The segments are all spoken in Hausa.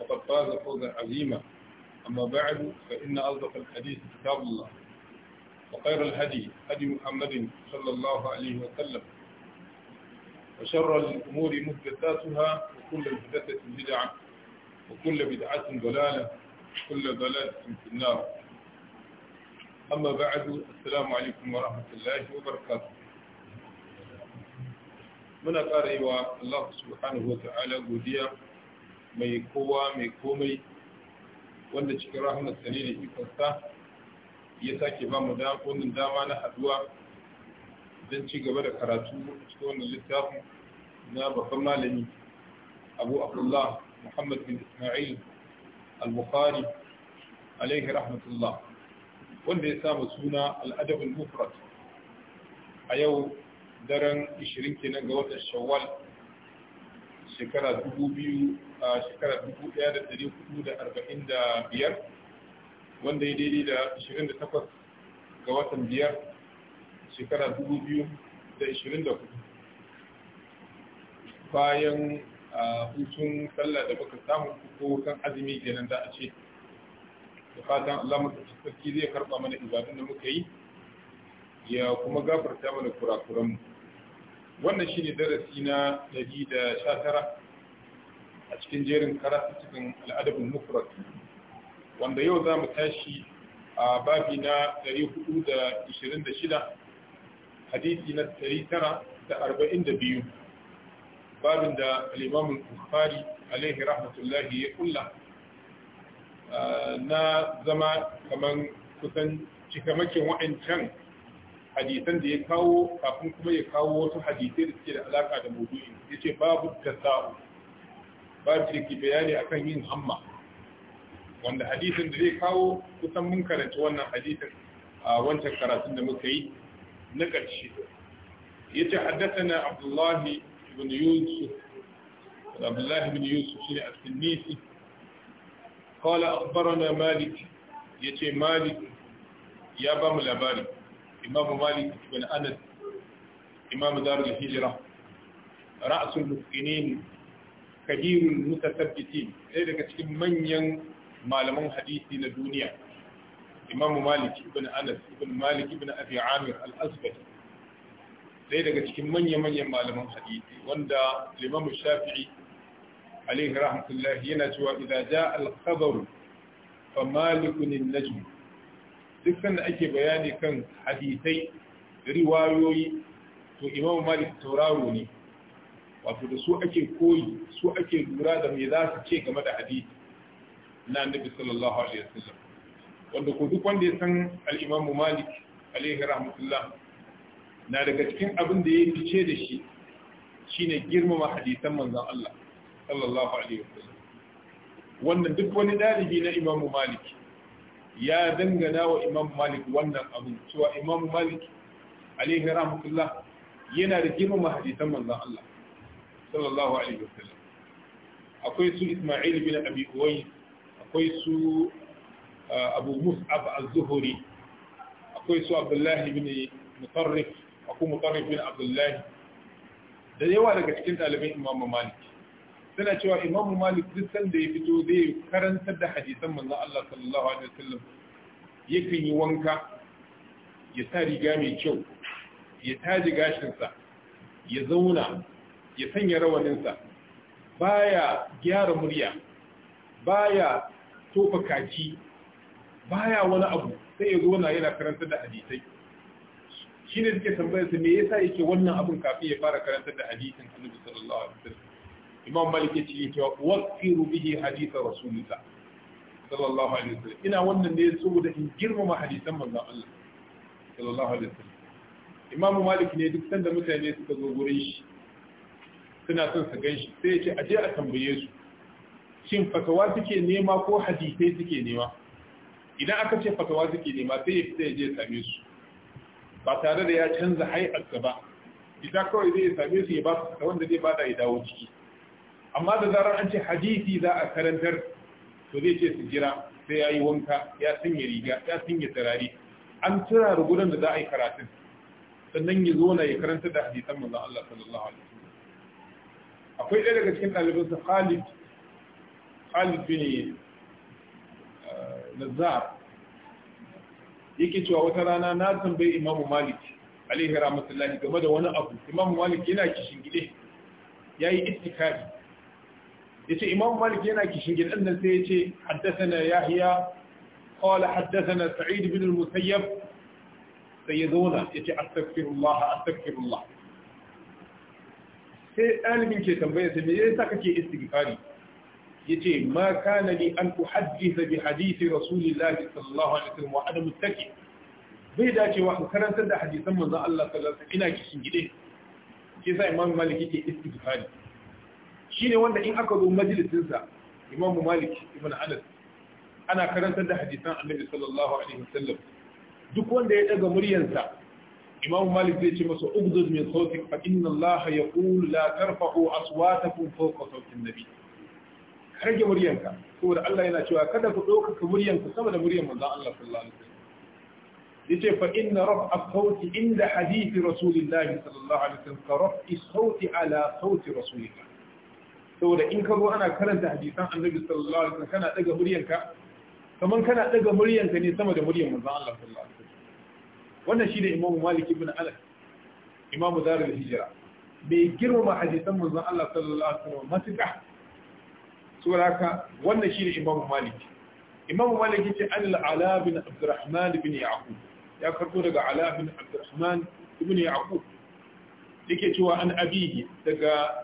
فقد فاز فوزا عظيما أما بعد فإن أصدق الحديث كتاب الله وخير الهدي هدي محمد صلى الله عليه وسلم وشر الأمور محدثاتها وكل محدثة بدعة وكل بدعة ضلالة وكل ضلالة في النار أما بعد السلام عليكم ورحمة الله وبركاته من ƙara الله سبحانه وتعالى subhanahu mai kowa mai komai wanda cikin rahamar ne da ikonsa ya sake ba mu wannan dama na haduwa don ci gaba da karatu cikin wannan littafin na babban malami abu abdullah muhammad bin ismail al-bukhari alaihi rahmatullah wanda ya samu suna al'adabin mufrat a yau daren 20 kenan ga watan shawwal shekara dubu biyu a shekara dubu ɗaya da hudu da arba'in da biyar wanda ya daidai da 28 da takwas ga watan biyar shekara dubu biyu da da hudu bayan hutun sallah da muka samu ko kan azumi kenan da a ce da fatan Allah mutunci sarki zai karɓa mana ibadun da muka yi ya kuma gafarta mana kurakuranmu wannan shine darasi na 119 a cikin jerin karatun cikin al'adabin mufrad wanda yau za mu tashi a babi na 426 hadisi na 942 babin da al'imamun bukhari alaihi rahmatullahi ya kulla na zama kaman kusan cikamakin waɗancan. hadisan da ya kawo kafin kuma ya kawo wasu hadisai da suke da alaka da maudu'in ya ce babu tasa'u babu da ke bayani akan yin hamma wanda hadisin da zai kawo kusan mun karanta wannan hadisin a wancan karatun da muka yi na ƙarshe ya ce haddasa na abdullahi ibn yusuf abdullahi ibn yusuf shi ne a sinisi قال أخبرنا مالك يتي مالك يا بام الأباري imam malik bin anas imam darul hijra ra'sul muqinin kadirul mutasabbitin ɗaya daga cikin manyan malaman hadisi na duniya imam malik ibn anas ibn malik ibn abi al-asbari ɗaya daga cikin manya-manyan malaman hadisi wanda limamu shafi'i alaihi rahmatullah yana cewa idan ja al-khabaru fa malikun duk sanda ake bayani kan hadisai riwayoyi to imamu malik tauraro ne wato da su ake koyi su ake lura da me za su ce game da hadisi na annabi sallallahu alaihi wasallam wanda ko duk wanda ya san al-imamu malik alaihi rahmatullah na daga cikin abin da ya fice da shi shine girmama hadisan manzon Allah sallallahu alaihi wasallam wannan duk wani dalibi na imamu malik ya dangana wa imam malik wannan abin cewa imam malik alaihi rahmatullah yana da girmama hadisan manzon Allah sallallahu alaihi wasallam akwai su Isma'il bin Abi Uwais akwai su uh, Abu Mus'ab az-Zuhri akwai su Abdullah bin Mutarrif akwai Mutarrif bin Abdullah da yawa daga cikin ɗaliban Imam Malik suna cewa Imam Malik duk sanda ya fito zai karantar da hadisan manzon Allah sallallahu alaihi wasallam yakan yi wanka ya sa riga mai kyau ya taji gashinsa ya zauna ya sanya rawaninsa baya gyara murya baya tofa kaki baya wani abu sai ya zauna yana karantar da hadisai shi ne suke tambayar su me yasa yake wannan abin kafin ya fara karantar da hadisin annabi sallallahu alaihi wasallam imam malik yace yake waqiru bihi hadith rasulika sallallahu alaihi wasallam ina wannan ne saboda in girmama hadisan manzon Allah sallallahu alaihi wasallam imam malik ne duk sanda mutane suka zo gurin shi suna son su ganshi sai yace aje a tambaye su shin fatawa suke nema ko hadisai suke nema idan aka ce fatawa suke nema sai ya fita je same su ba tare da ya canza hay'arsa ba idan kawai zai same su ya ba su wanda zai bada ya dawo ciki amma da zarar an ce hadisi za a karantar to zai ce su jira sai ya yi wanka ya sanya riga ya sanya turare an tura gudan da za a yi karatun sannan ya zo na ya karanta da hadisan manzon Allah sallallahu alaihi wasallam akwai ɗaya daga cikin ɗaliban sa Khalid Khalid bin eh, Nazar yake cewa wata rana na tambayi Imam Malik alaihi rahmatullahi game da wani abu Imam Malik yana kishin gide yayi ittikafi yace imam malik yana kishin gidan nan sai yace haddathana yahya qala haddathana sa'id ibn al-musayyab sayyiduna yace astaghfirullah astaghfirullah sai dalibin ke tambaya sai me yasa kake istighfari yace ma kana li an uhaddisa bi hadisi rasulillahi sallallahu alaihi wasallam wa ana muttaki bai dacewa in karantar da hadisan manzon Allah sallallahu alaihi wasallam ina kishin gide shi yasa imam malik yake istighfari shine wanda in aka zo majalisinsa imamu malik ibn anas ana karantar da hadisan annabi sallallahu alaihi wasallam duk wanda ya daga muryarsa imamu malik zai ce masa ugdud min sautik fa inna allaha yaqulu la tarfa'u aswatakum fawqa sautin nabi rage muryanka saboda Allah yana cewa kada ku ɗaukaka muryanku sama da muryan manzon Allah sallallahu alaihi wasallam yace fa inna raf'a sauti inda hadithi rasulillahi sallallahu alaihi wasallam ka raf'i sauti ala sauti rasulillah saboda in ka zo ana karanta hadisan annabi sallallahu alaihi wasallam kana daga muryanka kaman kana daga muryanka ne sama da muryan manzon Allah sallallahu alaihi wasallam wannan shine imamu malik ibn anas imamu darul hijra bai girmama hadisan manzon Allah sallallahu alaihi wasallam matuka saboda haka wannan shine imamu malik imamu malik ce an al-ala bin abdurrahman bin yaqub ya karbo daga ala bin abdurrahman ibn yaqub yake cewa an abihi daga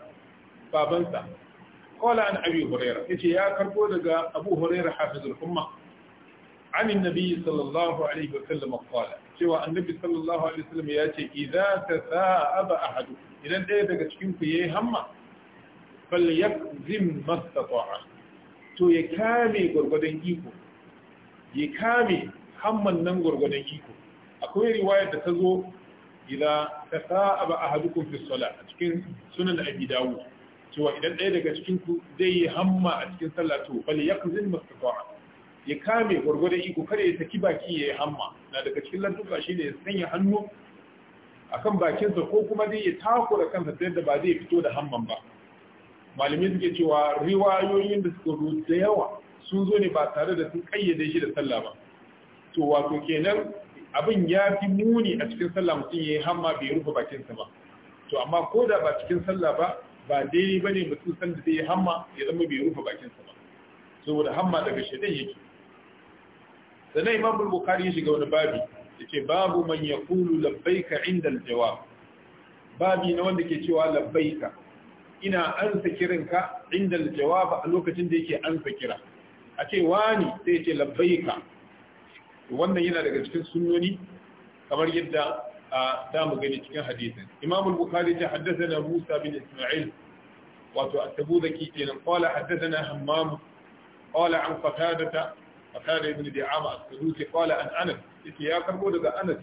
babansa qala an abi hurairah yace ya karbo daga abu hurairah hafizul umma an annabi sallallahu alaihi wa sallam qala cewa annabi sallallahu alaihi wa wasallam yace idza tasa'aba ahadu idan ɗaya daga cikin ku yayi hamma fal falyakzim mastata'a to ya kame gurgudan iko ya kame hamman nan gurgudan iko akwai riwaya da ta zo idza tasa'aba ahadukum fi salat cikin sunan abi dawud cewa idan ɗaya daga cikin ku zai yi hamma a cikin sallah to bal yaqzin mastata'a ya kame gwargwado iko kada ya saki baki ya yi hamma na daga cikin lantuka shine ya sanya hannu akan bakinsa ko kuma zai ya takura kansa sai yadda ba zai fito da hamman ba malamai suke cewa riwayoyin da suka rubuta da yawa sun zo ne ba tare da sun kayyade shi da sallah ba to wato kenan abin ya fi muni a cikin sallah mutum ya yi hamma bai rufe bakinsa ba to amma ko da ba cikin sallah ba ba daidai ba ne mutum san da zai yi hamma ya zama bai rufe bakinsa ba saboda hamma daga shaidan yake sannan imam bukhari ya shiga wani babi ya ce babu man ya kulu labbaika inda aljawab babi na wanda ke cewa labbaika ina ansa kiranka inda aljawab a lokacin da yake ansa kira a ce wani sai ce labbaika wannan yana daga cikin sunoni kamar yadda za mu gani cikin hadisin imam al-bukhari ta haddathana musa bin isma'il wato at-tabuzaki kenan qala haddathana hammam qala an qatadata qatada ibn di'ama as-sadusi qala an anas yake ya karbo daga anas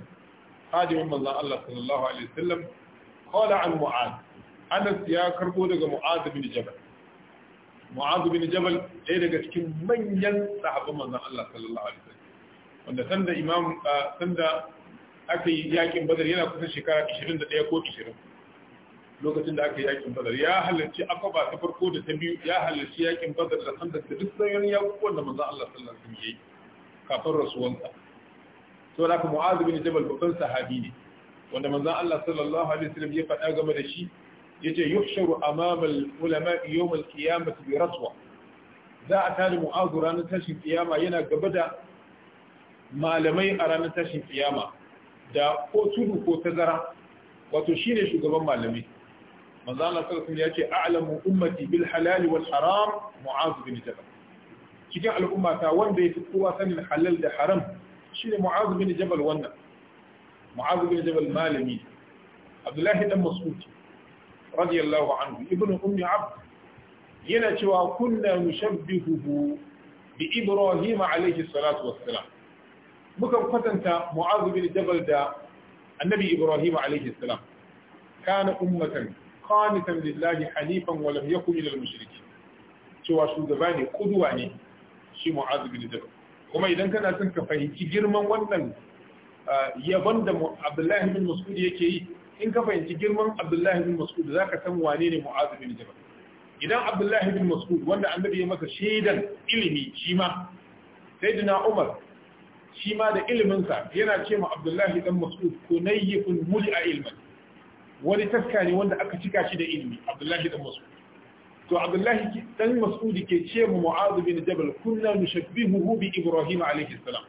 hadimin manzon Allah sallallahu alaihi wasallam qala an mu'ad anas ya karbo daga mu'ad bin jabal mu'ad bin jabal ɗaya daga cikin manyan sahabban manzon Allah sallallahu alaihi wasallam wanda sanda imam sanda aka yi yakin badar yana kusan shekara 21 ko 20 lokacin da aka yi yakin badar ya halarci akwaba ta farko da ta biyu ya halarci yakin badar da sanda da duk sauran yakuwan da manzon Allah sallallahu alaihi wasallam yayi kafin rasuwansa to da kuma Mu'adh bin Jabal babban sahabi ne wanda manzan Allah sallallahu alaihi wasallam ya faɗa game da shi yace yuhsharu amama al-ulama yawm al-qiyamah bi raswa za a tare Mu'adh ranar tashin kiyama yana gaba da malamai a ranar tashin kiyama da ko tudu ko tazara wato shine shugaban malami. manzo Allah sallallahu ya ce a'lamu ummati bil halal wal haram mu'az bin jabal cikin al'umma ta wanda fi kowa sanin halal da haram shine mu'az bin jabal wannan mu'az bin jabal malami abdullahi dan mas'ud radiyallahu anhu ibnu ummi abd yana cewa kunna nushabbihuhu bi ibrahim alayhi salatu wassalam mukan kwatanta mu'azu bin jabal da annabi ibrahim alaihi salam kana ummatan qanitan lillahi halifan wa lam yakun minal mushrikin cewa shugaba ne kuduwa ne shi mu'azu bin jabal kuma idan kana son ka fahimci girman wannan yabon da abdullahi bin mas'ud yake yi in ka fahimci girman abdullahi bin mas'ud zaka san wane ne mu'azu bin jabal idan abdullahi bin mas'ud wanda annabi ya masa shaidan ilimi shi ma sayyidina umar shi ma da iliminsa yana ce ma abdullahi dan mas'ud kunayyifun a ilman wani taska ne wanda aka cika shi da ilimi abdullahi dan mas'ud to abdullahi dan mas'ud ke ce mu mu'adh bin jabal kunna nushabbihuhu bi ibrahim alayhi salam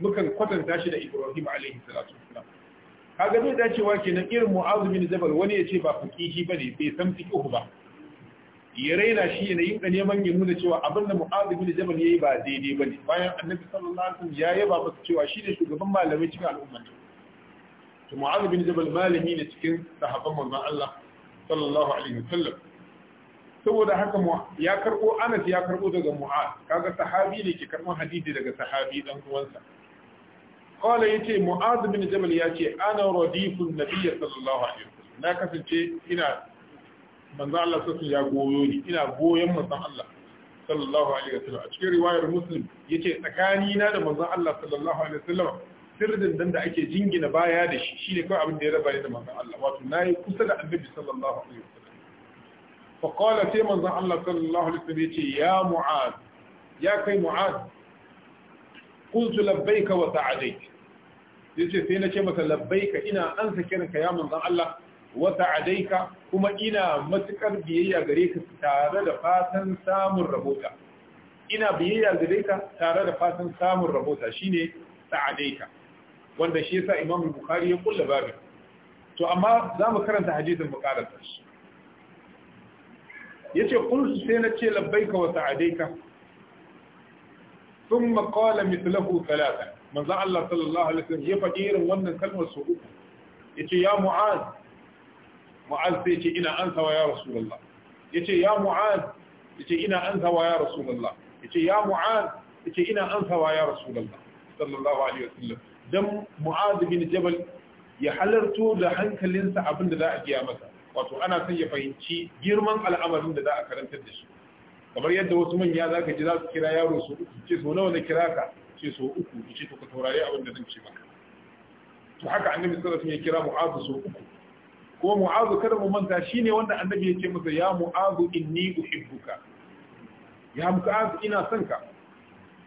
mukan kwatanta shi da ibrahim alayhi salatu wassalam kaga bai dacewa kenan irin mu'adh bin jabal wani ya ce ba faqihi bane bai san fiqh ba ya raina shi ne yin da neman ya nuna cewa abin da Mu'adh ibn Jabal yayi ba daidai bane bayan Annabi sallallahu alaihi wasallam ya yaba masa cewa shi ne shugaban malamai cikin al'umma to Mu'adh ibn Jabal malami ne cikin sahabban manzon Allah sallallahu alaihi wasallam saboda haka ya karbo Anas ya karbo daga Mu'adh kaga sahabi ne ke karban hadisi daga sahabi dan uwansa قال يتي معاذ بن جبل ياتي انا رديف النبي صلى الله عليه وسلم لا كسنتي ina. manzon Allah sokin ya goyo ni ina goyon manzon Allah sallallahu alaihi wasallam a cikin riwayar muslim yace tsakani na da manzon Allah sallallahu alaihi wasallam sirrin dan da ake jingina baya da shi shine kawai abin da ya raba ni da manzon Allah wato nayi kusa da annabi sallallahu alaihi wasallam fa qala sai manzon Allah sallallahu alaihi wasallam yace ya mu'ad ya kai mu'ad qultu labbaika wa sa'adaik yace sai na ce masa labbaika ina ansa kiranka ya manzon Allah wa sa'adaika kuma ina matuƙar biyayya gare ka tare da fatan samun rahota, ina biyayya gare ka tare da fatan samun rabota shine sa'adaita wanda shi yasa Imam Bukhari ya kulla babin to amma za mu karanta hadisin bukarar shi yace qultu sai na ce labbaika wa sa'adaika thumma qala mithlahu thalatha manzo Allah sallallahu alaihi wasallam ya faɗi irin wannan kalmar su uku yace ya Mu'az mu'az sai ce ina ansawa ya rasulullah yace ya mu'az ce ina ansawa ya rasulullah yace ya mu'az ce ina ansawa ya rasulullah sallallahu alaihi wasallam dan mu'az bin jabal ya halarto da hankalinsa abinda za a giya masa wato ana son ya fahimci girman al'amarin da za a karantar da shi kamar yadda wasu manya za ka ji za su kira yaro su uku ce so nawa na kira ka ce so uku ce to ka taurari abin da zan ce maka to haka annabi sallallahu alaihi wasallam ya kira mu'az so uku ko mu'azu kada mu manta shine wanda annabi ya ce masa ya mu'azu inni uhibbuka ya mu'azu ina son ka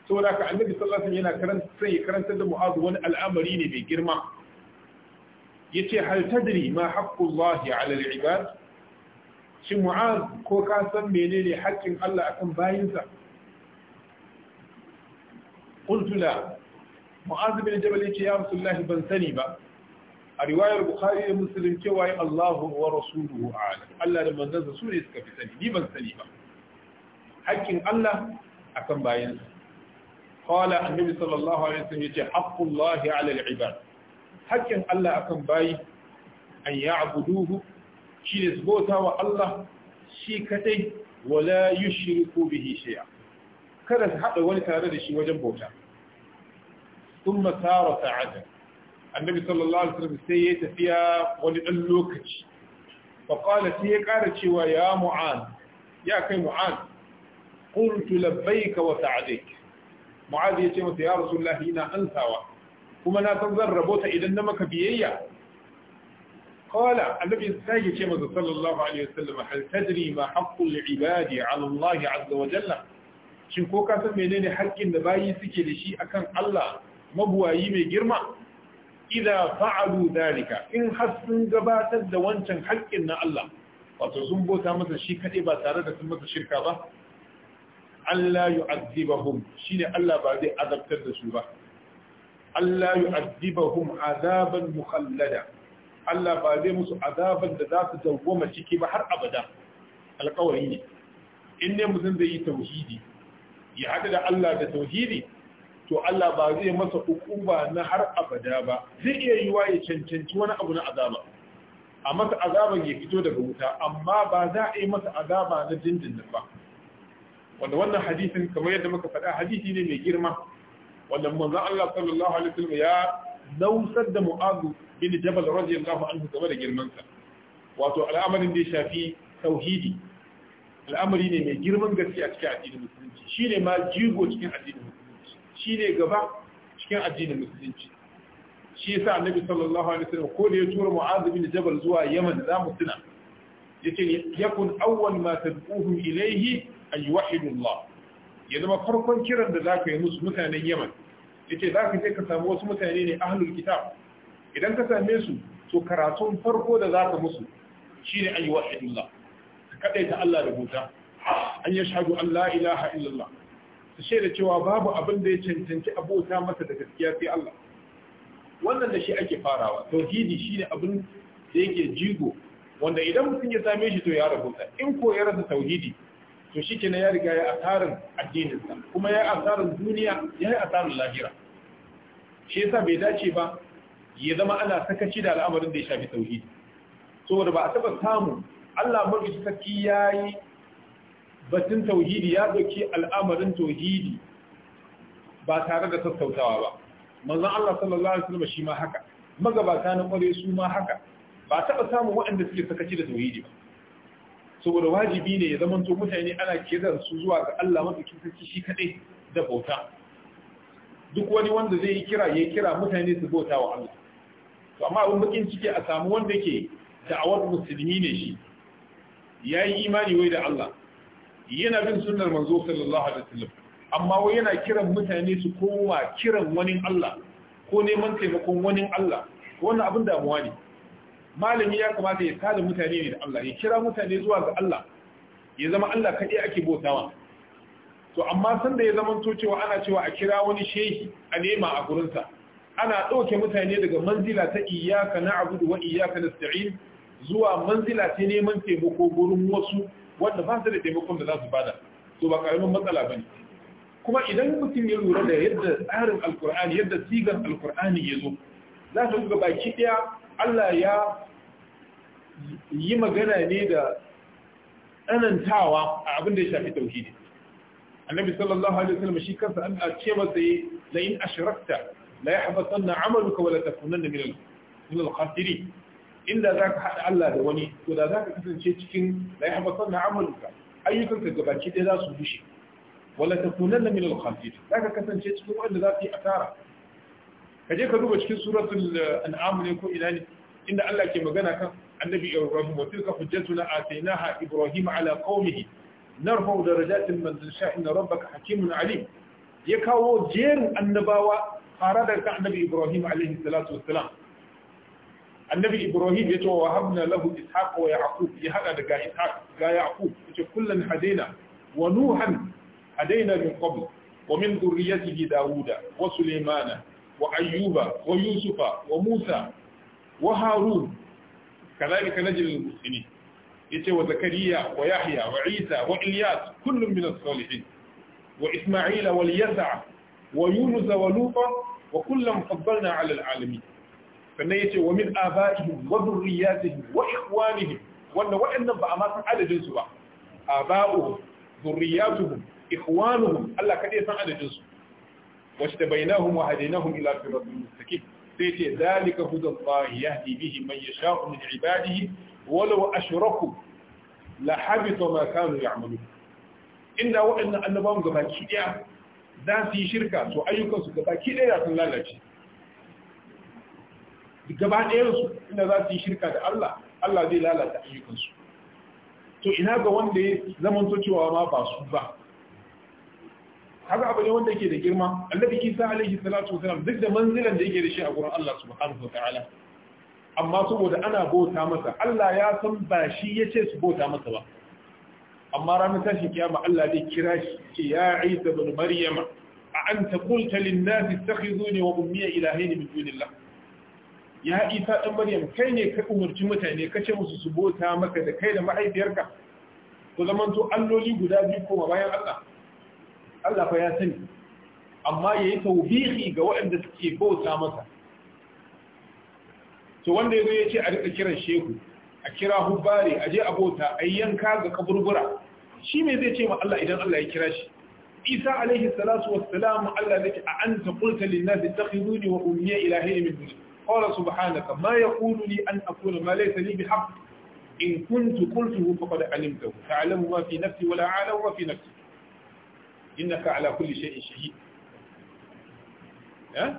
saboda ka annabi sallallahu alaihi yana karanta sai karanta da mu'azu wani al'amari ne mai girma yace hal tadri ma haqqullahi 'ala shin mu'az ko ka san menene haƙƙin Allah akan bayinsa qultu la mu'az bin jabal yace ya rasulullahi ban sani ba a riwayar bukhari da muslim cewa ya Allahu wa rasuluhu a'lam Allah da manzansa su ne suka fi sani ni ban sani ba hakkin Allah akan bayansa qala annabi sallallahu alaihi wasallam yace haqqullahi 'ala al-ibad hakkin Allah akan bayi an ya'buduhu shi ne su bauta wa Allah shi kadai wala yushriku bihi shay'a kada su hada wani tare da shi wajen bauta thumma sara sa'ada annabi sallallahu alaihi wasallam sai ya tafiya wani dan lokaci fa qala sai ya kara cewa ya mu'an ya kai mu'an qultu labbaika wa sa'adik mu'ad ya ce masa ya rasulullahi ina ansawa kuma na san zan rabota idan na maka biyayya qala annabi sai ya ce masa sallallahu alaihi wasallam hal tadri ma haqqul ibadi ala Allah azza wa jalla shin ko ka san menene haƙƙin da bayi suke da shi akan Allah mabuwayi mai girma fa'adu da dhalika in har sun gabatar da wancan haƙƙin na Allah wato sun bota masa shi kaɗai ba tare da sun masa shirka ba Allah shi ne Allah ba zai azabtar da su ba Allah yu'adhibahum azaban mukhallada Allah ba zai musu azaban da za su dawwama ciki ba har abada alƙawari ne in ne mutum zai yi tauhidi ya haɗu da Allah da tauhidi to Allah ba zai masa hukuma na har abada ba zai iya yiwa ya cancanci wani abu na azaba a masa azaban ya fito daga wuta amma ba za a yi masa azaba na dindindin ba wanda wannan hadisin kamar yadda muka faɗa hadisi ne mai girma wanda manzo Allah sallallahu alaihi wasallam ya nausar da Mu'adh bin Jabal radiyallahu anhu game da girman sa wato al'amarin da ya shafi tauhidi al'amari ne mai girman gaske a cikin addinin musulunci shine ma jigo cikin addinin Shi ne gaba cikin addinin musulunci shi yasa annabi sallallahu alaihi wasallam ko da ya tura mu'adh bin jabal zuwa yaman za mu tuna yace yakun awwal ma tad'uhum ilayhi an yuwahhidu Allah ya zama farkon kiran da zaka yi musu mutanen yaman yace zaka je ka samu wasu mutane ne ahlul kitab idan ka same su to karatun farko da zaka musu shine an yuwahhidu Allah kadaita Allah da buta an yashhadu an la ilaha illallah su da cewa babu abin da ya cancanci abota masa da gaskiya sai Allah wannan da shi ake farawa tauhidi shine abin da yake jigo wanda idan mutum ya same shi to ya rabuta in ko ya rasa tauhidi to shi ya riga ya asarin addininsa kuma ya asarin duniya ya yi asarin lahira shi yasa bai dace ba ya zama ana sakaci da al'amarin da ya shafi tauhidi saboda ba a taba samu Allah mafi saki ya yi batun tauhidi ya dauki al'amarin tauhidi ba tare da sassautawa ba manzon Allah sallallahu alaihi wasallam shi ma haka magabata na kware su ma haka ba taɓa samun waɗanda suke sakaci da tauhidi ba saboda wajibi ne ya zamanto mutane ana kiran su zuwa ga Allah madaukin sarki shi kadai da bauta duk wani wanda zai yi kira ya kira mutane su bauta wa Allah to amma abin bakin ciki a samu wanda yake da'awar musulmi ne shi yayi imani wai da Allah yana bin sunnar manzo sallallahu alaihi wasallam amma wai yana kiran mutane su koma kiran wani Allah ko neman taimakon wani Allah wannan abin damuwa ne malami ya kamata ya tada mutane ne da Allah ya kira mutane zuwa ga Allah ya zama Allah kaɗai ake bautawa to amma sanda ya zama to cewa ana cewa a kira wani shehi a nema a gurinsa ana ɗauke mutane daga manzila ta iyyaka na wa iyyaka nasta'in zuwa manzila ta neman taimako gurin wasu wanda ba su da taimakon da za su bada to ba karamin matsala ba ne. kuma idan mutum ya lura da yadda tsarin alkur'ani yadda sigar alkur'ani ya zo za ka ga baki ɗaya Allah ya yi magana ne da tsanantawa a abin da ya shafi tauhidi annabi sallallahu alaihi wasallam shi kansa an ce masa yi la in ashrakta la yahbatanna amaluka wa la takunanna min al-khasirin inda za ka haɗa Allah da wani to da za ka kasance cikin da ya haɓasar na amurka ayyukan ka ɗaya za su bushe wala ta kunan min al za ka kasance cikin wanda za su yi asara ka je ka duba cikin suratul eh, an'am ne ko ina ne inda Allah ke magana kan annabi Ibrahim wa tilka hujjatuna atainaha Ibrahim ala qaumihi narfa'u darajatin man nasha inna rabbaka hakimun alim ya kawo jerin annabawa fara da kan annabi Ibrahim alaihi salatu wassalam annabi ibrahim ya ce wa habna lahu ishaq wa yaqub ya hada daga ishaq ga yaqub yace kullan hadaina wa nuhan hadaina min qabl wa min dhurriyyatihi dauda wa sulaymana wa ayyuba wa yusufa wa musa wa harun kadhalika najil muslimin yace wa zakariya wa yahya wa isa wa ilyas kullun min as-salihin wa isma'ila wa yasa wa yunus wa nufa wa kullam faddalna 'ala al-'alamin sannan yace wa min abaihim wa dhurriyyatihim wa ikhwanihim wanda waɗannan ba a ma san adadin su ba aba'uhum dhurriyyatuhum ikhwanuhum Allah kadai san adadin su واجتبيناهم وهديناهم إلى صراط مستقيم سيتي ذلك هدى الله يهدي به من يشاء من عباده ولو أشركوا لحبط ما كانوا يعملون إن وإن أنبهم قبل كده ذاتي شركة وأيكم قبل كده sun lalace. gaba ɗayansu inda za su yi shirka da Allah Allah zai lalata ayyukansu to ina ga wanda ya zamanto cewa ma ba su ba haka abu ne wanda yake da girma annabi Isa alaihi salatu wasalam duk da manzilan da yake da shi a gurin Allah subhanahu wataala amma saboda ana bauta masa Allah ya san ba shi ya ce su bauta masa ba amma ranar tashin kiyama Allah zai kira shi ce ya Isa ibn Maryam a anta qulta lin-nasi ittakhizuni wa ummiya ilahaini min dunillah ya isa ɗan maryam kai ne ka umarci mutane ka ce musu su bota maka da kai da mahaifiyarka ku zamanto alloli guda biyu koma bayan Allah Allah fa ya sani amma yayi tawbihi ga waɗanda suke bota masa to wanda ya ce a rika kiran shehu a kira hubbari a je a bota, a yanka ga kaburbura shi me zai ce ma Allah idan Allah ya kira shi Isa alaihi salatu wassalam Allah zai ce a anta qulta lin-nasi takhizuni wa ummiya ilahi min duni قال سبحانك ما يقول لي أن أقول ما ليس لي بحق إن كنت قلته فقد علمته تعلم ما في نفسي ولا أعلم ما في نفسي إنك على كل شيء شهيد أه؟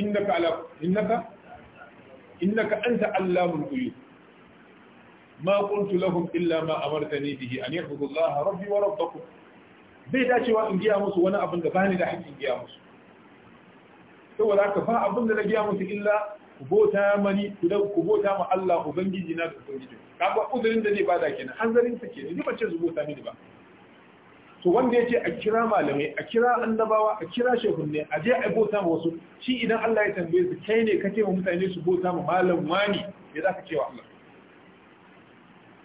إنك على إنك إنك أنت علام الغيوب ما قلت لهم إلا ما أمرتني به أن يعبدوا الله ربي وربكم bai dacewa in giya musu wani abin da bani da haƙƙin giya musu saboda haka ba abin da na biya musu illa ku bota mani ku bota ma Allah ubangiji na da ubangiji kaga uzurin da ba da kenan hanzarin sa kenan duk ce su bota mini ba to wanda yace a kira malamai a kira annabawa a kira shehunne a je a bota ma wasu shi idan Allah ya tambaye su kai ne kace ma mutane su bota ma malam wani ya zaka wa Allah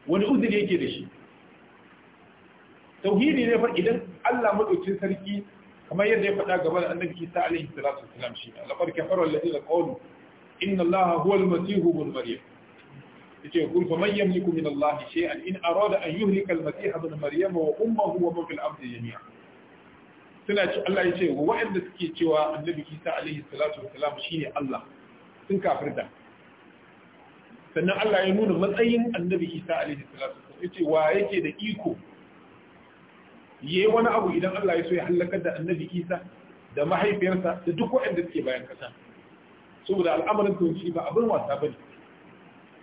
wani uzuri yake da shi tauhidi ne fa idan Allah madaukin sarki kamar yadda ya faɗa gaba da annabi Isa alaihi salatu wasalam shi ne laqad kafara alladhina qalu inna allaha huwa al-masih ibn maryam yace kul fa man yamliku min allahi shay'an in arada an yuhlika al-masih ibn maryam wa ummuhu wa man fil ardi jami'a suna ci Allah ce wa wa'anda suke cewa annabi Isa alaihi salatu wasalam shi ne Allah sun kafirta sannan Allah ya nuna matsayin annabi Isa alaihi salatu wasalam yace wa yake da iko yi wani abu idan Allah ya so ya halakar da annabi Isa da mahaifiyarsa da duk waɗanda suke bayan kasa saboda al'amarin tauhidi ba abin wasa bane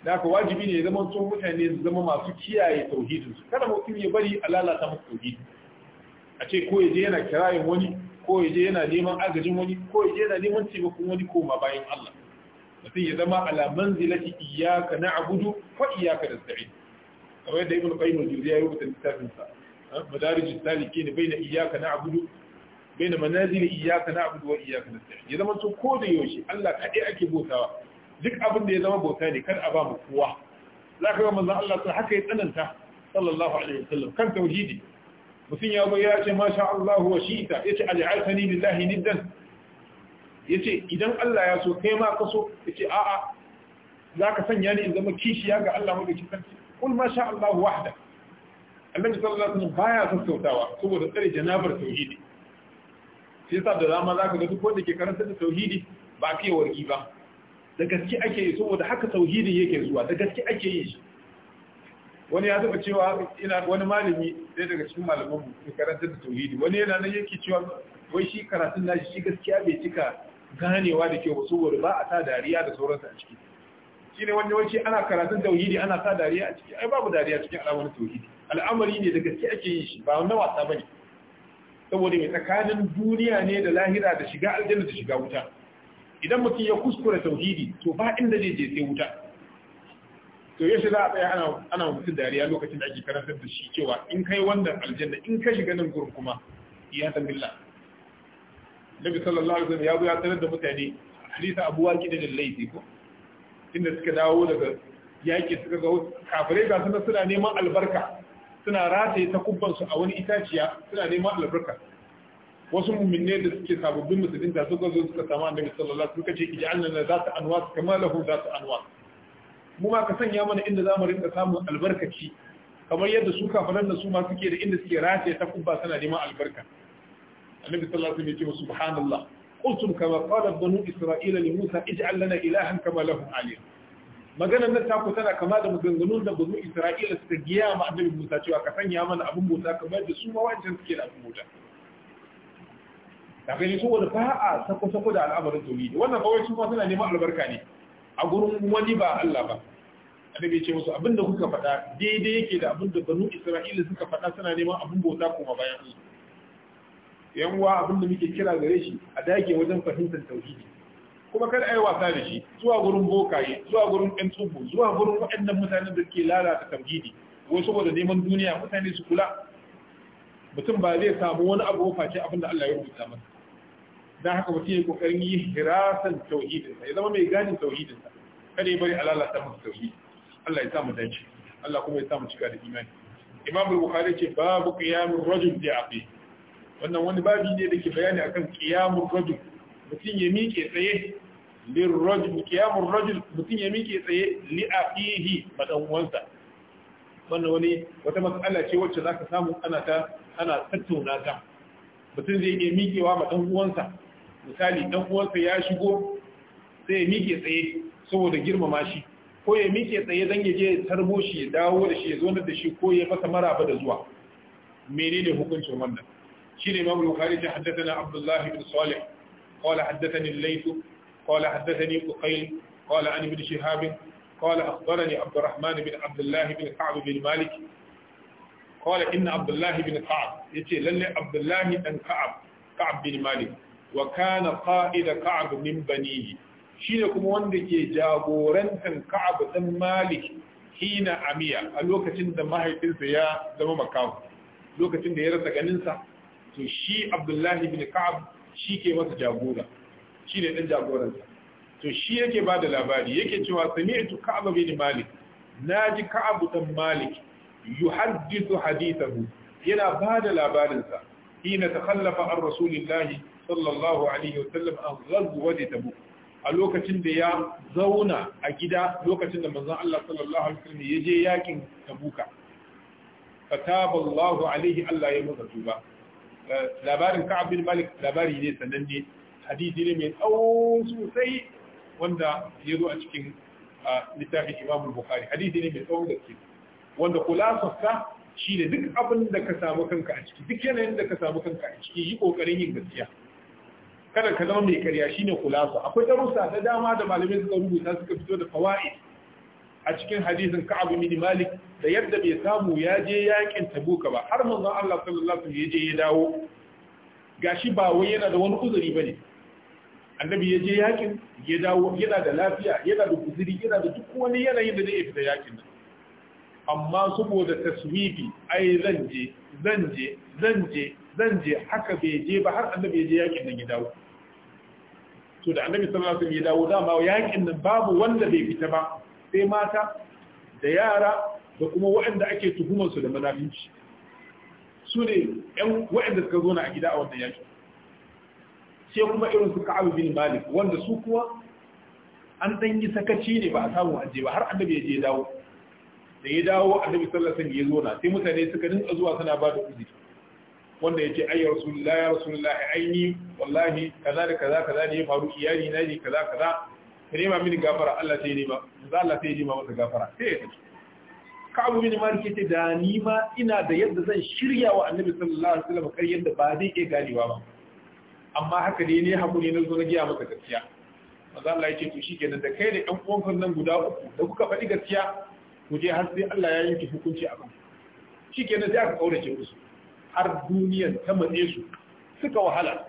da haka wajibi ne ya zama tsohon mutane su zama masu kiyaye tauhidin kada mutum ya bari a lalata masa tauhidi a ce ko ya yana kirayin wani ko ya yana neman agajin wani ko ya yana neman taimakon wani ko ma bayan Allah mutum ya zama ala manzilati iyyaka na'budu wa iyyaka nasta'in kamar yadda ibnu qayyim al-jawziyya ya rubuta littafin sa madarijus salikin baina iyyaka na'budu baina manazil iyyaka na'budu wa iyyaka nasta'in ya zama to ko da yaushe Allah kadai ake bautawa duk abin da ya zama bauta ne kar a ba mu kowa zaka ga manzon Allah sai haka ya tsananta sallallahu alaihi wasallam kan tauhidi mutum ya zo ya ce masha Allah wa shi'ita yace al'atani billahi niddan yace idan Allah ya so kai ma ka so yace a'a zaka sanya ni in zama kishiya ga Allah madaukakin sarki kul masha Allah wahda annabi sallallahu alaihi wasallam baya sassautawa saboda tsare janabar tauhidi shi sa da zama zaka ga duk wanda ke karanta da tauhidi ba kai wargi ba da gaske ake yi saboda haka tauhidin yake zuwa da gaske ake yi shi wani ya taba cewa ina wani malami daya daga cikin malaman mu ke karanta da tauhidi wani yana nan yake cewa wai shi karatun nashi shi gaskiya bai cika ganewa da kyau saboda ba a ta dariya da sauransa a ciki Shi ne wanda wace ana karatun tauhidi ana sa dariya a ciki ai babu dariya cikin al'amarin tauhidi al'amari ne da gaske ake yin shi ba wanda wasa bane saboda mai tsakanin duniya ne da lahira da shiga aljanna da shiga wuta idan mutum ya kuskura tauhidi to ba inda zai je sai wuta to ya shi za a tsaya ana ana mutum dariya lokacin da ake karantar da shi cewa in kai wannan aljanna in ka shiga nan gurin kuma ya san billah nabi sallallahu alaihi wasallam ya zo ya tarar da mutane hadisi abuwa kidan laifi ko inda suka dawo daga yaƙi suka ga kafirai ga suna suna neman albarka suna rataye ta kubbansu a wani itaciya suna neman albarka wasu mumminne da suke sababbin musulunta suka zo suka samu annabi sallallahu alaihi suka ce annana za zata anwa, kama lahu zata anwas mu ma ka sanya mana inda zamu rinka samun albarkaci kamar yadda su kafiran da su ma suke da inda suke rataye ta kubba suna neman albarka annabi sallallahu alaihi wasallam ya ce subhanallah قلتم كما قال بنو إسرائيل لموسى اجعل لنا إلها كما لهم آلهة maganar nan ta tana kama da maganganun da bazu Isra'ila suka giya ma annabi Musa cewa ka sanya mana abin bauta kamar da su ma wancan suke da abin bauta. Ta kai so wani fa'a sako sako da al'amarin tauhidi wannan kawai su ma suna neman albarka ne a gurin wani ba Allah ba. Annabi ce musu abin da kuka faɗa daidai yake da abin da banu Isra'ila suka faɗa suna neman abin bauta kuma bayan su. yan uwa abin da muke kira gare shi a dage wajen fahimtar tauhidi kuma kada ai wasa da shi zuwa gurin bokaye zuwa gurin ɗan tsubu zuwa gurin waɗannan mutanen da ke lalata tauhidi wai saboda neman duniya mutane su kula mutum ba zai samu wani abu ko face abin da Allah ya rubuta masa dan haka mutum ya kokarin yi hirasan tauhidinsa ya zama mai gane tauhidinsa kada ya bari a lalata masa tauhidi Allah ya sa mu dace Allah kuma ya sa mu cika da imani Imam Bukhari ce babu qiyamul rajul bi aqi wannan wani babi ne da ke bayani akan qiyamul rajul mutum ya miƙe tsaye rajul qiyamul rajul mutum ya miƙe tsaye li aqihi madan uwansa wannan wani wata matsala ce wacce zaka samu ana ta ana tattauna ta mutum zai iya miƙewa ma dan uwansa misali dan uwansa ya shigo sai ya miƙe tsaye saboda girmama shi ko ya miƙe tsaye dan ya je tarbo shi ya dawo da shi ya zo da shi ko ya fasa maraba da zuwa menene hukuncin wannan شين إمام البخاري حدثنا عبد الله بن صالح قال حدثني الليث قال حدثني أقيل قال عن ابن شهاب قال أخبرني عبد الرحمن بن عبد الله بن كعب بن مالك قال إن عبد الله بن كعب يتي لن عبد الله بن كعب كعب بن مالك وكان قائد كعب من بنيه shine kuma wanda ke jagorantar Ka'ab ɗan Malik hina amiya a lokacin da mahaifinsa ya zama makamu lokacin da ya rasa ganinsa to shi abdullahi bin ka'ab shi ke masa jagora shi ne ɗan jagoransa to shi yake ba da labari yake cewa sami'tu ka'ab bin malik Na ji ka'ab dan malik yuhaddithu hadithahu yana ba da labarinsa hina takhallafa an rasulillahi sallallahu alaihi wasallam an ghazwati tabuk a lokacin da ya zauna a gida lokacin da manzon Allah sallallahu alaihi wasallam ya je yakin tabuka fataballahu alaihi Allah ya masa tuba labarin ka'ab bin malik labari ne ne. hadisi ne mai tsawo sosai wanda ya zo a cikin littafin imam bukhari hadisi ne mai tsawon ke wanda kulasarsa shi ne duk abin da ka samu kanka a ciki duk yanayin da ka samu kanka a ciki yi kokarin yin gaskiya kada ka zama mai karya ne kulasa akwai darussa da dama da malamai suka rubuta suka fito da fawaid a cikin hadisin Ka'ab ibn Malik da yadda bai samu ya je yakin Tabuka ba har manzon Allah sallallahu alaihi wasallam ya je ya dawo gashi ba wai yana da wani uzuri bane annabi ya je yakin ya dawo yana da lafiya yana da kuzuri, yana da duk wani yanayin da zai fita yakin nan amma saboda taswifi ai zan je zan je zan je zan je haka bai je ba har annabi ya je yakin nan ya dawo to da annabi sallallahu alaihi wasallam ya dawo dama yakin nan babu wanda bai fita ba sai mata da yara da kuma waɗanda ake tuhumarsu da manafinci su ne waɗanda suka zo na a gida a wannan yaki sai kuma irin su ka'abu bin malik wanda su kuwa an ɗan yi sakaci ne ba a samu an ba har annabi ya je dawo da ya dawo a sallallahu alaihi ya zo na sai mutane suka rinka zuwa suna ba da uzuri wanda yake ai rasulullahi ya rasulullahi aini wallahi kaza da kaza kaza ne ya faru iyali na ne kaza kaza ka mini gafara Allah sai nema za Allah sai rema masa gafara sai ya tafi abu mini malik yace da ni ma ina da yadda zan shirya wa annabi sallallahu alaihi wasallam kar yadda ba zai iya ganewa ba amma haka ne ne hakuri na zo na giya masa gaskiya maza Allah yake to shikenan da kai da ɗan uwan nan guda uku da kuka faɗi gaskiya ku je har sai Allah ya yanke hukunci a kan shikenan sai aka kaurace musu har duniyan ta matse su suka wahala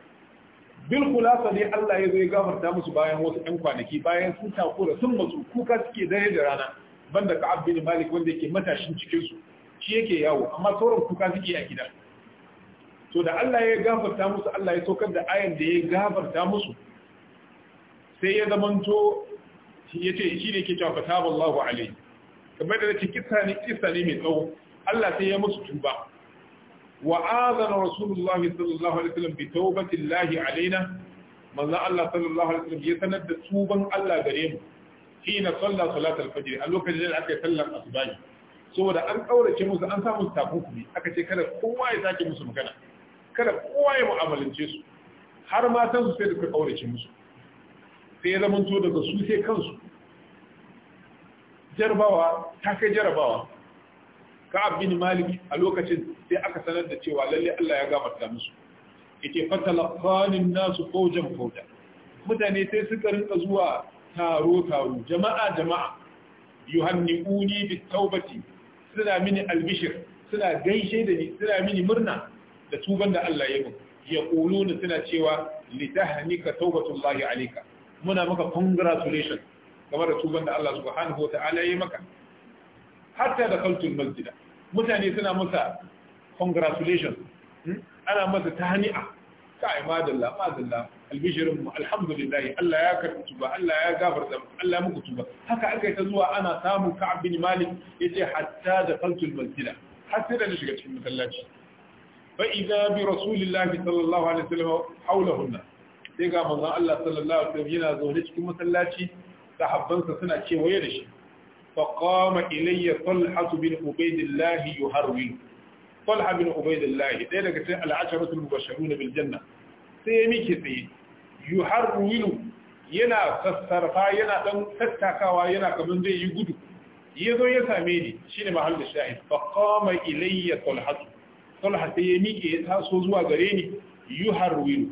bil khulasa dai Allah ya zo ya gafarta musu bayan wasu ɗan kwanaki bayan sun takura sun matsu kuka suke dare da rana banda ka bin malik wanda yake matashin cikin su shi yake yawo amma sauran kuka suke a gida to da Allah ya gafarta musu Allah ya saukar da ayan da ya gafarta musu sai ya zamanto ya ce shi ne ke cewa Allahu alaihi kamar da ta kisa ne kisa ne mai tsawo Allah sai ya musu tuba وآذن رسول الله صلى الله عليه وسلم بتوبة الله علينا من الله صلى الله عليه وسلم يتند توبا الله غريم حين صلى صلاة الفجر الوقت الذي أكي صلى الأصباح saboda an ƙaurace musu an samu takunkumi aka ce kada kowa ya sake musu magana kada kowa ya mu'amalance su har matan su sai da kuka ƙaurace musu sai ya zamanto daga su kansu jarabawa ta kai jarabawa ka'ab bin maliki a lokacin sai aka sanar da cewa lalle Allah ya gafarta musu yake fatalaqanin nasu fawjan fawja mutane sai suka rinka zuwa taro taro jama'a jama'a yuhanniuni bit taubati suna mini albishir suna gaishe da ni suna mini murna da tuban da Allah ya yi yaquluna suna cewa litahnika taubatullahi alayka muna maka congratulations game da tuban da Allah subhanahu wa ta'ala ya yi maka hatta da kaltun masjida mutane suna masa congratulations hmm? ana masa ta tahni'a kai madalla madalla albishirin mu alhamdulillah Allah ya karbi tuba Allah ya gafarta Allah muku tuba haka aka yi ta zuwa ana samun Ka'ab bin Malik yace hatta da kaltul masjida har sai da shiga cikin masallaci fa idza bi rasulillah sallallahu alaihi wasallam hawlahunna sai ga manzon Allah sallallahu alaihi wasallam yana zaune cikin masallaci sahabbansa suna kewaye da shi فقام إلي طلحة بن عبيد الله يهرول طلحة بن عبيد الله ذلك العشرة المبشرون بالجنة سيميك سي يهرول ينا فسرفا ينا دم تتاكوا ينا كمن زي يغدو يزو يساميني شيني محل الشاهد فقام إلي طلحة طلحة سيميك يتاسو زوا غريني يهرول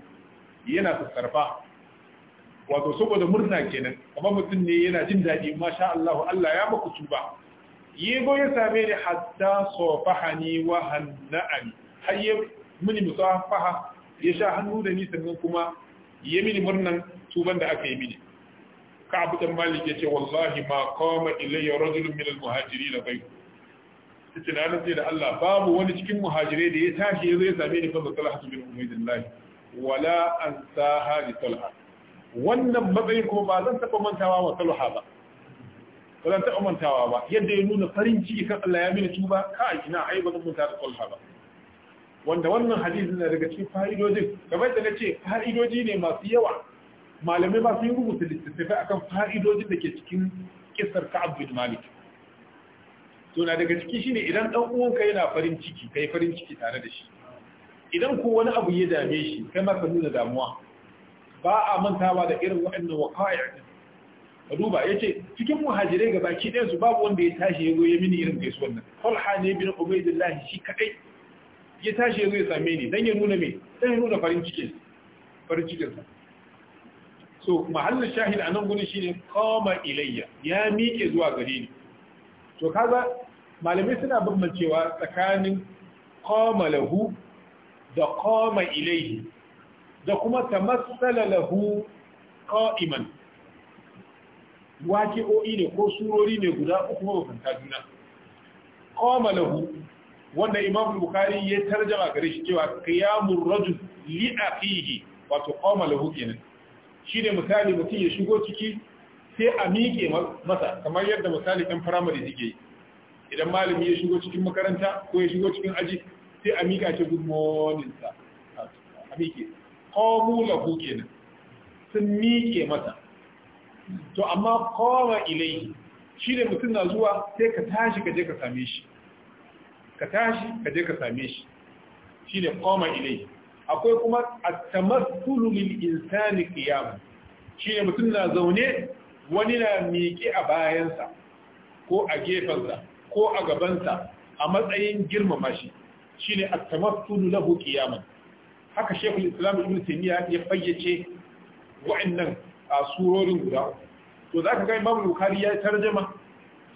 ينا فسرفا wato saboda murna kenan amma mutum ne yana jin daɗi masha Allah Allah ya maku tuba yego ya same ni hatta sofahani wa hanna'ani har ya mini faha, ya sha hannu da ni sannan kuma ya mini murnan tuban da aka yi mini ka'ab dan malik ce, wallahi ma qama ilayya rajulun min al-muhajirin ghayr tunanin sai da Allah babu wani cikin muhajirai da ya tashi ya zo ya same ni fa sallallahu bin umaydillah wala ansaha li talha wannan matsayin kuma ba zan taɓa mantawa wa saluha ba ba zan taɓa mantawa ba yadda ya nuna farin ciki kan Allah ya mini tuba ka ina ai ba zan manta da saluha ba wanda wannan hadisi na daga cikin fa'idojin kamar da nace fa'idoji ne masu yawa malamai ba yi rubuta littattafai akan fa'idojin da ke cikin kisar ka bin Malik to na daga ciki shine idan dan uwanka yana farin ciki kai farin ciki tare da shi idan ko wani abu ya dame shi kai ma ka nuna damuwa ba a mantawa da irin waɗannan a ka duba ya ce cikin muhajirai ga baki ɗayan su babu wanda ya tashi ya goye mini irin gaisu wannan talha ne bin lahi shi kaɗai ya tashi ya zo ya same ni don ya nuna me Don ya nuna farin cikin farin cikin sa so mahallin shahid a nan shi ne kama ilayya ya miƙe zuwa gare ni to kaza, malamai suna bambancewa tsakanin komalahu lahu da koma ilayya da kuma tamassala lahu qa'iman waqi'o'i ne ko surori ne guda uku kanta juna qama lahu wanda imam bukhari ya tarjuma gare shi cewa qiyamur rajul li akhihi wato tuqama lahu kenan shine misali mutum ya shigo ciki sai a miƙe masa kamar yadda misali ɗan firamare suke yi idan malami ya shigo cikin makaranta ko ya shigo cikin aji sai a miƙa ce good morning sa a miƙe qamu lahu nan sun miƙe masa to amma qama ilai shi ne mutum na zuwa sai ka tashi ka je ka same shi ka tashi ka je ka same shi shi ne qama ilai akwai kuma a tamassulu lil insani qiyam shi ne mutum na zaune wani na miƙe a bayansa ko a gefensa ko a gabansa a matsayin girmama shi shi ne a tamassulu lahu qiyaman haka shekul islam ibn taymiya ya fayyace wa'annan a surorin guda to zaka ga imam bukhari ya tarjama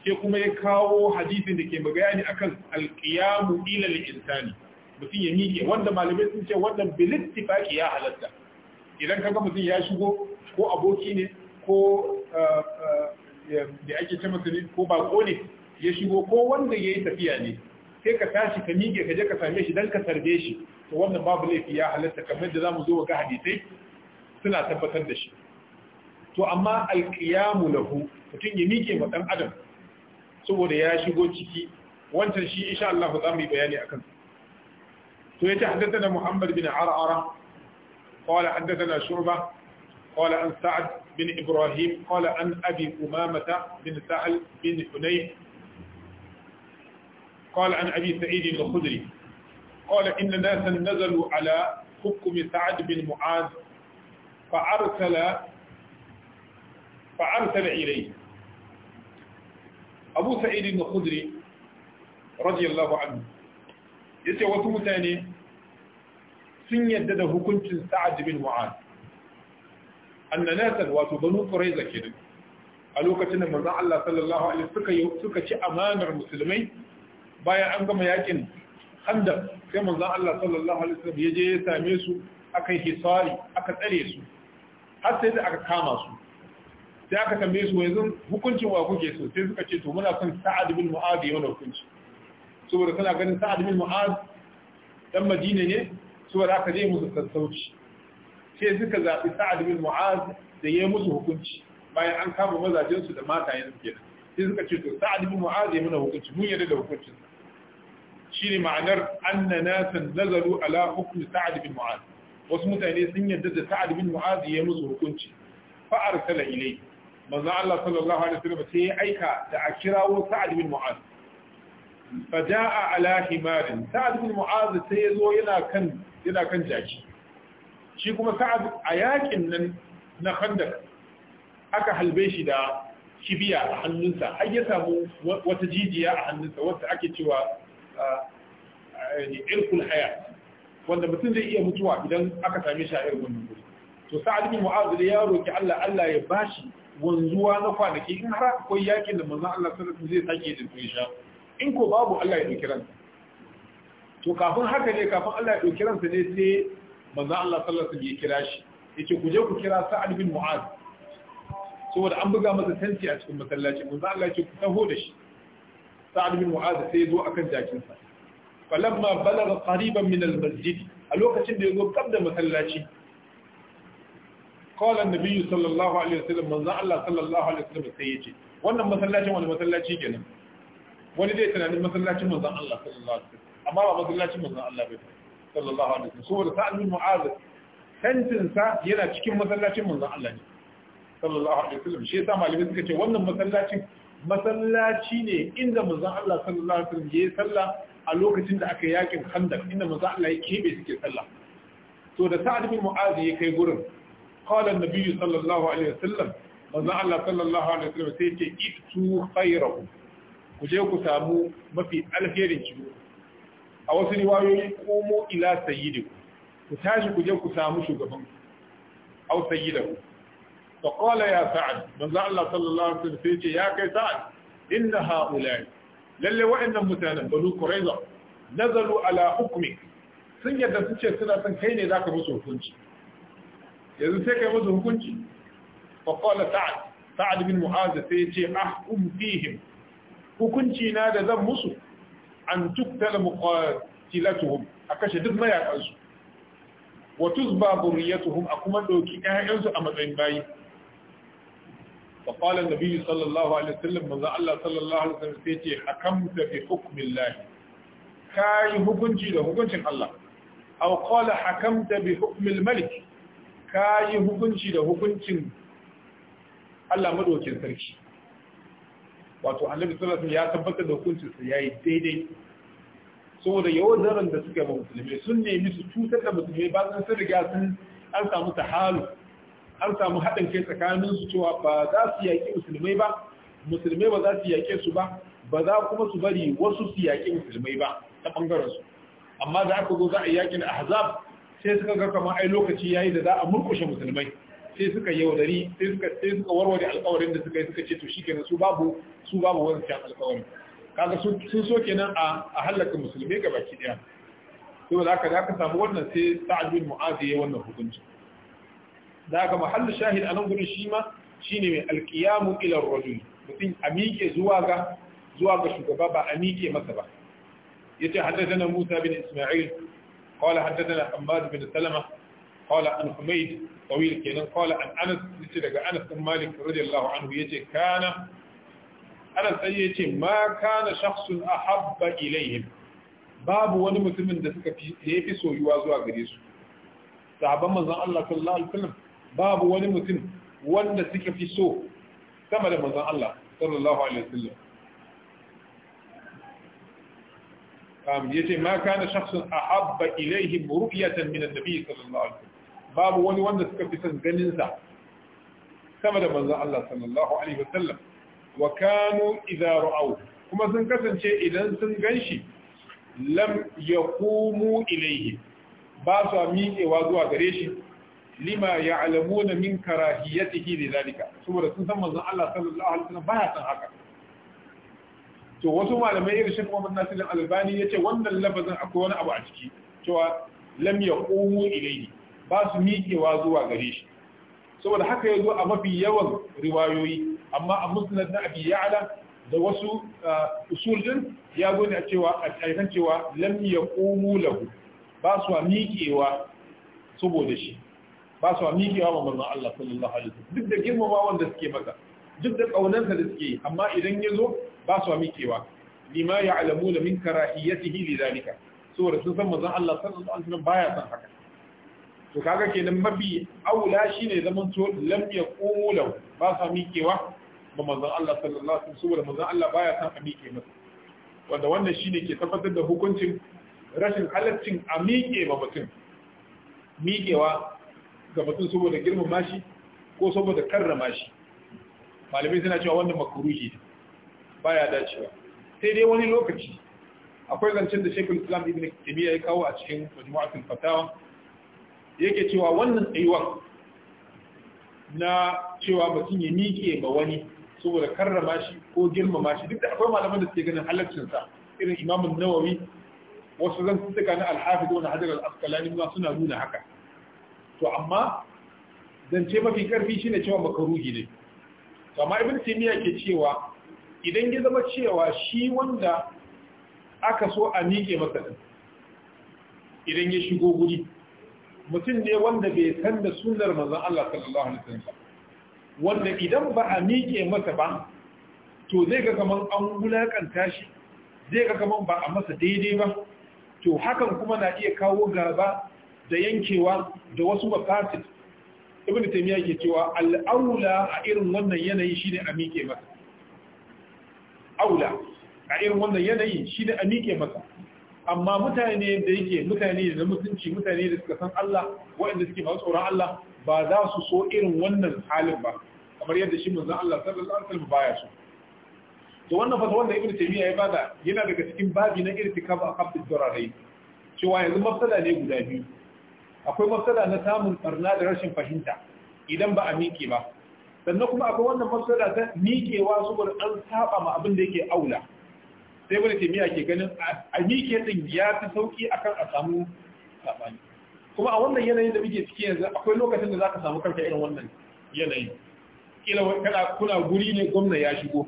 sai kuma ya kawo hadisin da ke magana akan alqiyamu ila al-insani mutum ya miƙe wanda malamai sun ce wannan bilittifaki ya halatta idan kaga mutum ya shigo ko aboki ne ko da ake ce masa ne ko bako ne ya shigo ko wanda ya yi tafiya ne sai ka tashi ka miƙe ka je ka same shi dan ka sarbe shi to wannan babu laifi ya halatta kamar da zamu zo ga hadisai suna tabbatar da shi to amma alqiyamu lahu mutum ya miƙe ma dan adam saboda ya shigo ciki wancan shi insha Allah za mu yi bayani akan to yace haddathana Muhammad bin Ar'ara qala haddathana Shurba قال عن سعد بن إبراهيم قال عن أبي أمامة بن سعل بن حنيف قال عن أبي سعيد الخدري قال إن ناسا نزلوا على حكم سعد بن معاذ فأرسل فأرسل إليه أبو سعيد الخدري رضي الله عنه يتي وسم ثاني سن يدد حكم سعد بن معاذ أن ناسا واتو بنو كذا كده ألوكتنا مزاع الله صلى الله عليه وسلم سكي أمان المسلمين bayan an gama yakin handa sai manzan Allah sallallahu alaihi wasallam ya je ya same su aka yi hisari aka tsare su har sai da aka kama su sai aka tambaye su yanzu hukuncin wa kuke so sai suka ce to muna son Sa'ad bin Mu'adh ya wani hukunci saboda kana ganin Sa'ad bin Mu'adh dan Madina ne saboda aka je musu sassauci sai suka zaɓi Sa'ad bin Mu'adh da ya musu hukunci bayan an kama mazajensu da matayen su kenan sai suka ce to Sa'ad bin Mu'adh ya mana hukunci mun yarda da hukuncin sa shine ma'anar anna nasan nazaru ala hukm sa'ad bin mu'az wasu mutane sun yarda da sa'ad bin mu'az ya musu hukunci fa arsala ilai manzo Allah sallallahu alaihi wasallam sai ya aika da a kirawo sa'ad bin mu'az fa jaa ala himarin sa'ad bin mu'az sai ya zo yana kan yana kan jaki shi kuma sa'ad a yakin nan na khandak aka halbe shi da kibiya a hannunsa har ya samu wata jijiya a hannunsa wacce ake cewa irkul haya wanda mutum zai iya mutuwa idan aka same shi a irin wannan guri to sa'ad bin mu'adh da ya roki Allah Allah ya bashi wanzuwa na kwanaki in har akwai yakin da manzon Allah sallallahu alaihi wasallam zai sake da insha in ko babu Allah ya dauki ransa to kafin haka ne kafin Allah ya dauki ransa ne sai manzon Allah sallallahu alaihi wasallam ya kira shi yace ku je ku kira sa'ad bin mu'adh saboda an buga masa tanti a cikin masallaci manzon Allah ya ce ku taho da shi sa'ad bin mu'az sai zo akan jakin sa falamma balagha qariban min al-masjid a lokacin da yazo kab da masallaci qala an-nabi sallallahu alaihi wasallam manzo Allah sallallahu alaihi wasallam sai yace wannan masallacin wani masallaci kenan wani zai tunanin masallacin manzo Allah sallallahu alaihi wasallam amma ba masallacin manzo Allah bai sallallahu alaihi wasallam saboda sa'ad bin mu'az tantin sa yana cikin masallacin manzo Allah ne sallallahu alaihi wasallam shi yasa malamai suka ce wannan masallacin masallaci ne inda manzon Allah sallallahu alaihi wasallam yayi sallah a lokacin da aka yakin Khandaq inda manzon Allah ya kebe suke sallah to da Sa'ad bin Mu'az ya kai gurin qala an-nabi sallallahu alaihi wasallam manzon Allah sallallahu alaihi wasallam sai ce itu khayrahu ku je ku samu mafi alherin ki a wasu riwayoyi komo ila sayyidiku ku tashi ku je ku samu shugaban au sayyidaku fa qala ya sa'ad manzo Allah sallallahu alaihi wasallam sai ya kai sa'ad inna haula'i lalle wa'annan mutanen banu quraiza nazalu ala hukmi sun yadda su ce suna son kai ne zaka musu hukunci yanzu sai kai musu hukunci fa qala sa'ad sa'ad bin mu'az sai ce ahkum fihim hukunci na da zan musu an tuktala muqatilatuhum a kashe duk Watus wa tuzba tuhum a kuma ɗauki 'ya'yansu a matsayin bayi fa qala an-nabi sallallahu alaihi Allah sallallahu sai ce hakamta bi hukmillah kai hukunci da hukuncin Allah aw qala bi hukmil malik kai hukunci da hukuncin Allah madaukin wato annabi sallallahu alaihi wasallam ya tabbatar da hukuncin sa yayi daidai saboda yawan zaran da suka ba Musulmi sun nemi su cutar da Musulmi ba sun riga sun an samu tahalu an samu haɗin kai tsakanin su cewa ba za su yaƙi musulmai ba musulmai ba za su yaƙe su ba ba za kuma su bari wasu su yaƙi musulmai ba ta ɓangaren su amma da aka zo za a da ahzab sai suka ga kamar ai lokaci yayi da za a murkushe musulmai sai suka yaudari sai suka sai suka warware alƙawarin da suka yi suka ce to shikenan su babu su babu wani cikin alƙawarin kaga sun so kenan a a halaka musulmai gabaki daya saboda haka da aka samu wannan sai sa'ad bin mu'adh wannan hukunci da aka mahallu shahid a nan gurin shi ma shine mai alkiyamu ilar rajul mutum a miƙe zuwa ga shugaba ba a miƙe masa ba Ya ce yace haddathana Musa bin Isma'il qala haddathana Hammad bin Salama qala an Humayd tawil kenan qala an Anas yace daga Anas ɗin Malik radiyallahu anhu ce kana Anas sai ce ma kana shakhsun Habba ilayhim babu wani mutumin da suka fi soyuwa zuwa gare su sahabban manzon Allah sallallahu alaihi wasallam babu wani mutum wanda suka fi so sama da manzan Allah sallallahu alaihi wasallam um yace ma kana a habba ilayhi ru'yatan min an-nabi sallallahu alaihi wasallam babu wani wanda suka fi son ganin sa sama da manzon Allah sallallahu alaihi wasallam wa kanu idza ra'aw kuma sun kasance idan sun ganshi lam yaqumu ilayhi ba su miƙewa zuwa gare shi lima ya'lamuna min karahiyatihi lidalika saboda sun san manzon Allah sallallahu alaihi wasallam baya san haka to wasu malamai irin shi Muhammad Nasir al-Albani ce wannan lafazin akwai wani abu a ciki cewa lam yaqumu ilayhi ba su miƙewa zuwa gare shi saboda haka ya zo a mafi yawan riwayoyi amma a musnad na abi ya'la da wasu usul ya zo ne a cewa a aikan cewa lam yaqumu lahu ba su miƙewa saboda shi ba su miƙe wa manzon Allah sallallahu alaihi wasallam duk da girmama wanda suke maka duk da kaunarsa da suke amma idan ya zo ba su miƙewa lima ya'lamuna min karahiyatihi lidhalika saboda sun san mazan Allah sallallahu alaihi wasallam baya san haka to kaga kenan mafi aula shine zaman to lam yaqumu law ba sa miƙewa ba mazan Allah sallallahu alaihi wasallam saboda manzon Allah baya san a miƙe masa wanda wannan shine ke tabbatar da hukuncin rashin halaccin a miƙe ma mutum miƙewa ga mutum saboda girmama shi ko saboda karrama shi malamai suna cewa wannan makaruhi ba baya dacewa sai dai wani lokaci akwai zancen da shekul islam ibn taymiya ya kawo a cikin majmu'atul fatawa yake cewa wannan aiwan na cewa mutum ya miƙe ba wani saboda karrama shi ko girmama shi duk da akwai malaman da suke ganin halaccin irin imamun nawawi wasu zan suka na alhafi da wani hadar al'askalani ma suna nuna haka to amma zance mafi karfi shine cewa makaruhi ne to amma ibn taymiya ke cewa idan ya zama cewa shi wanda aka so a miƙe masa din idan ya shigo guri mutum ne wanda bai san da sunnar Allah sallallahu alaihi wasallam wanda idan ba a miƙe masa ba to zai ga kaman an wulaƙanta shi zai ga kaman ba a masa daidai ba to hakan kuma na iya kawo gaba da yankewa da wasu mafasid ibn taymiya yake cewa al'aula a irin wannan yanayi shine a miƙe masa aula a irin wannan yanayi shine a miƙe masa amma mutane da yake mutane da mutunci mutane da suka san Allah waɗanda suke masu tsoron Allah ba za su so irin wannan halin ba kamar yadda shi manzon Allah sallallahu alaihi wasallam baya so to wannan fata wanda ibnu taymiya ya bada yana daga cikin babi na irtikab a qabd dararai cewa yanzu mafsada ne guda biyu akwai masada na samun barna da rashin fahimta idan ba a miƙe ba sannan kuma akwai wannan masada ta miƙewa saboda an saba ma abin da yake aula sai wani kimiyya ke ganin a miƙe din ya fi sauki akan a samu sabani kuma a wannan yanayin da muke ciki yanzu akwai lokacin da za ka samu kanka irin wannan yanayi kila kana kuna guri ne gwamna ya shigo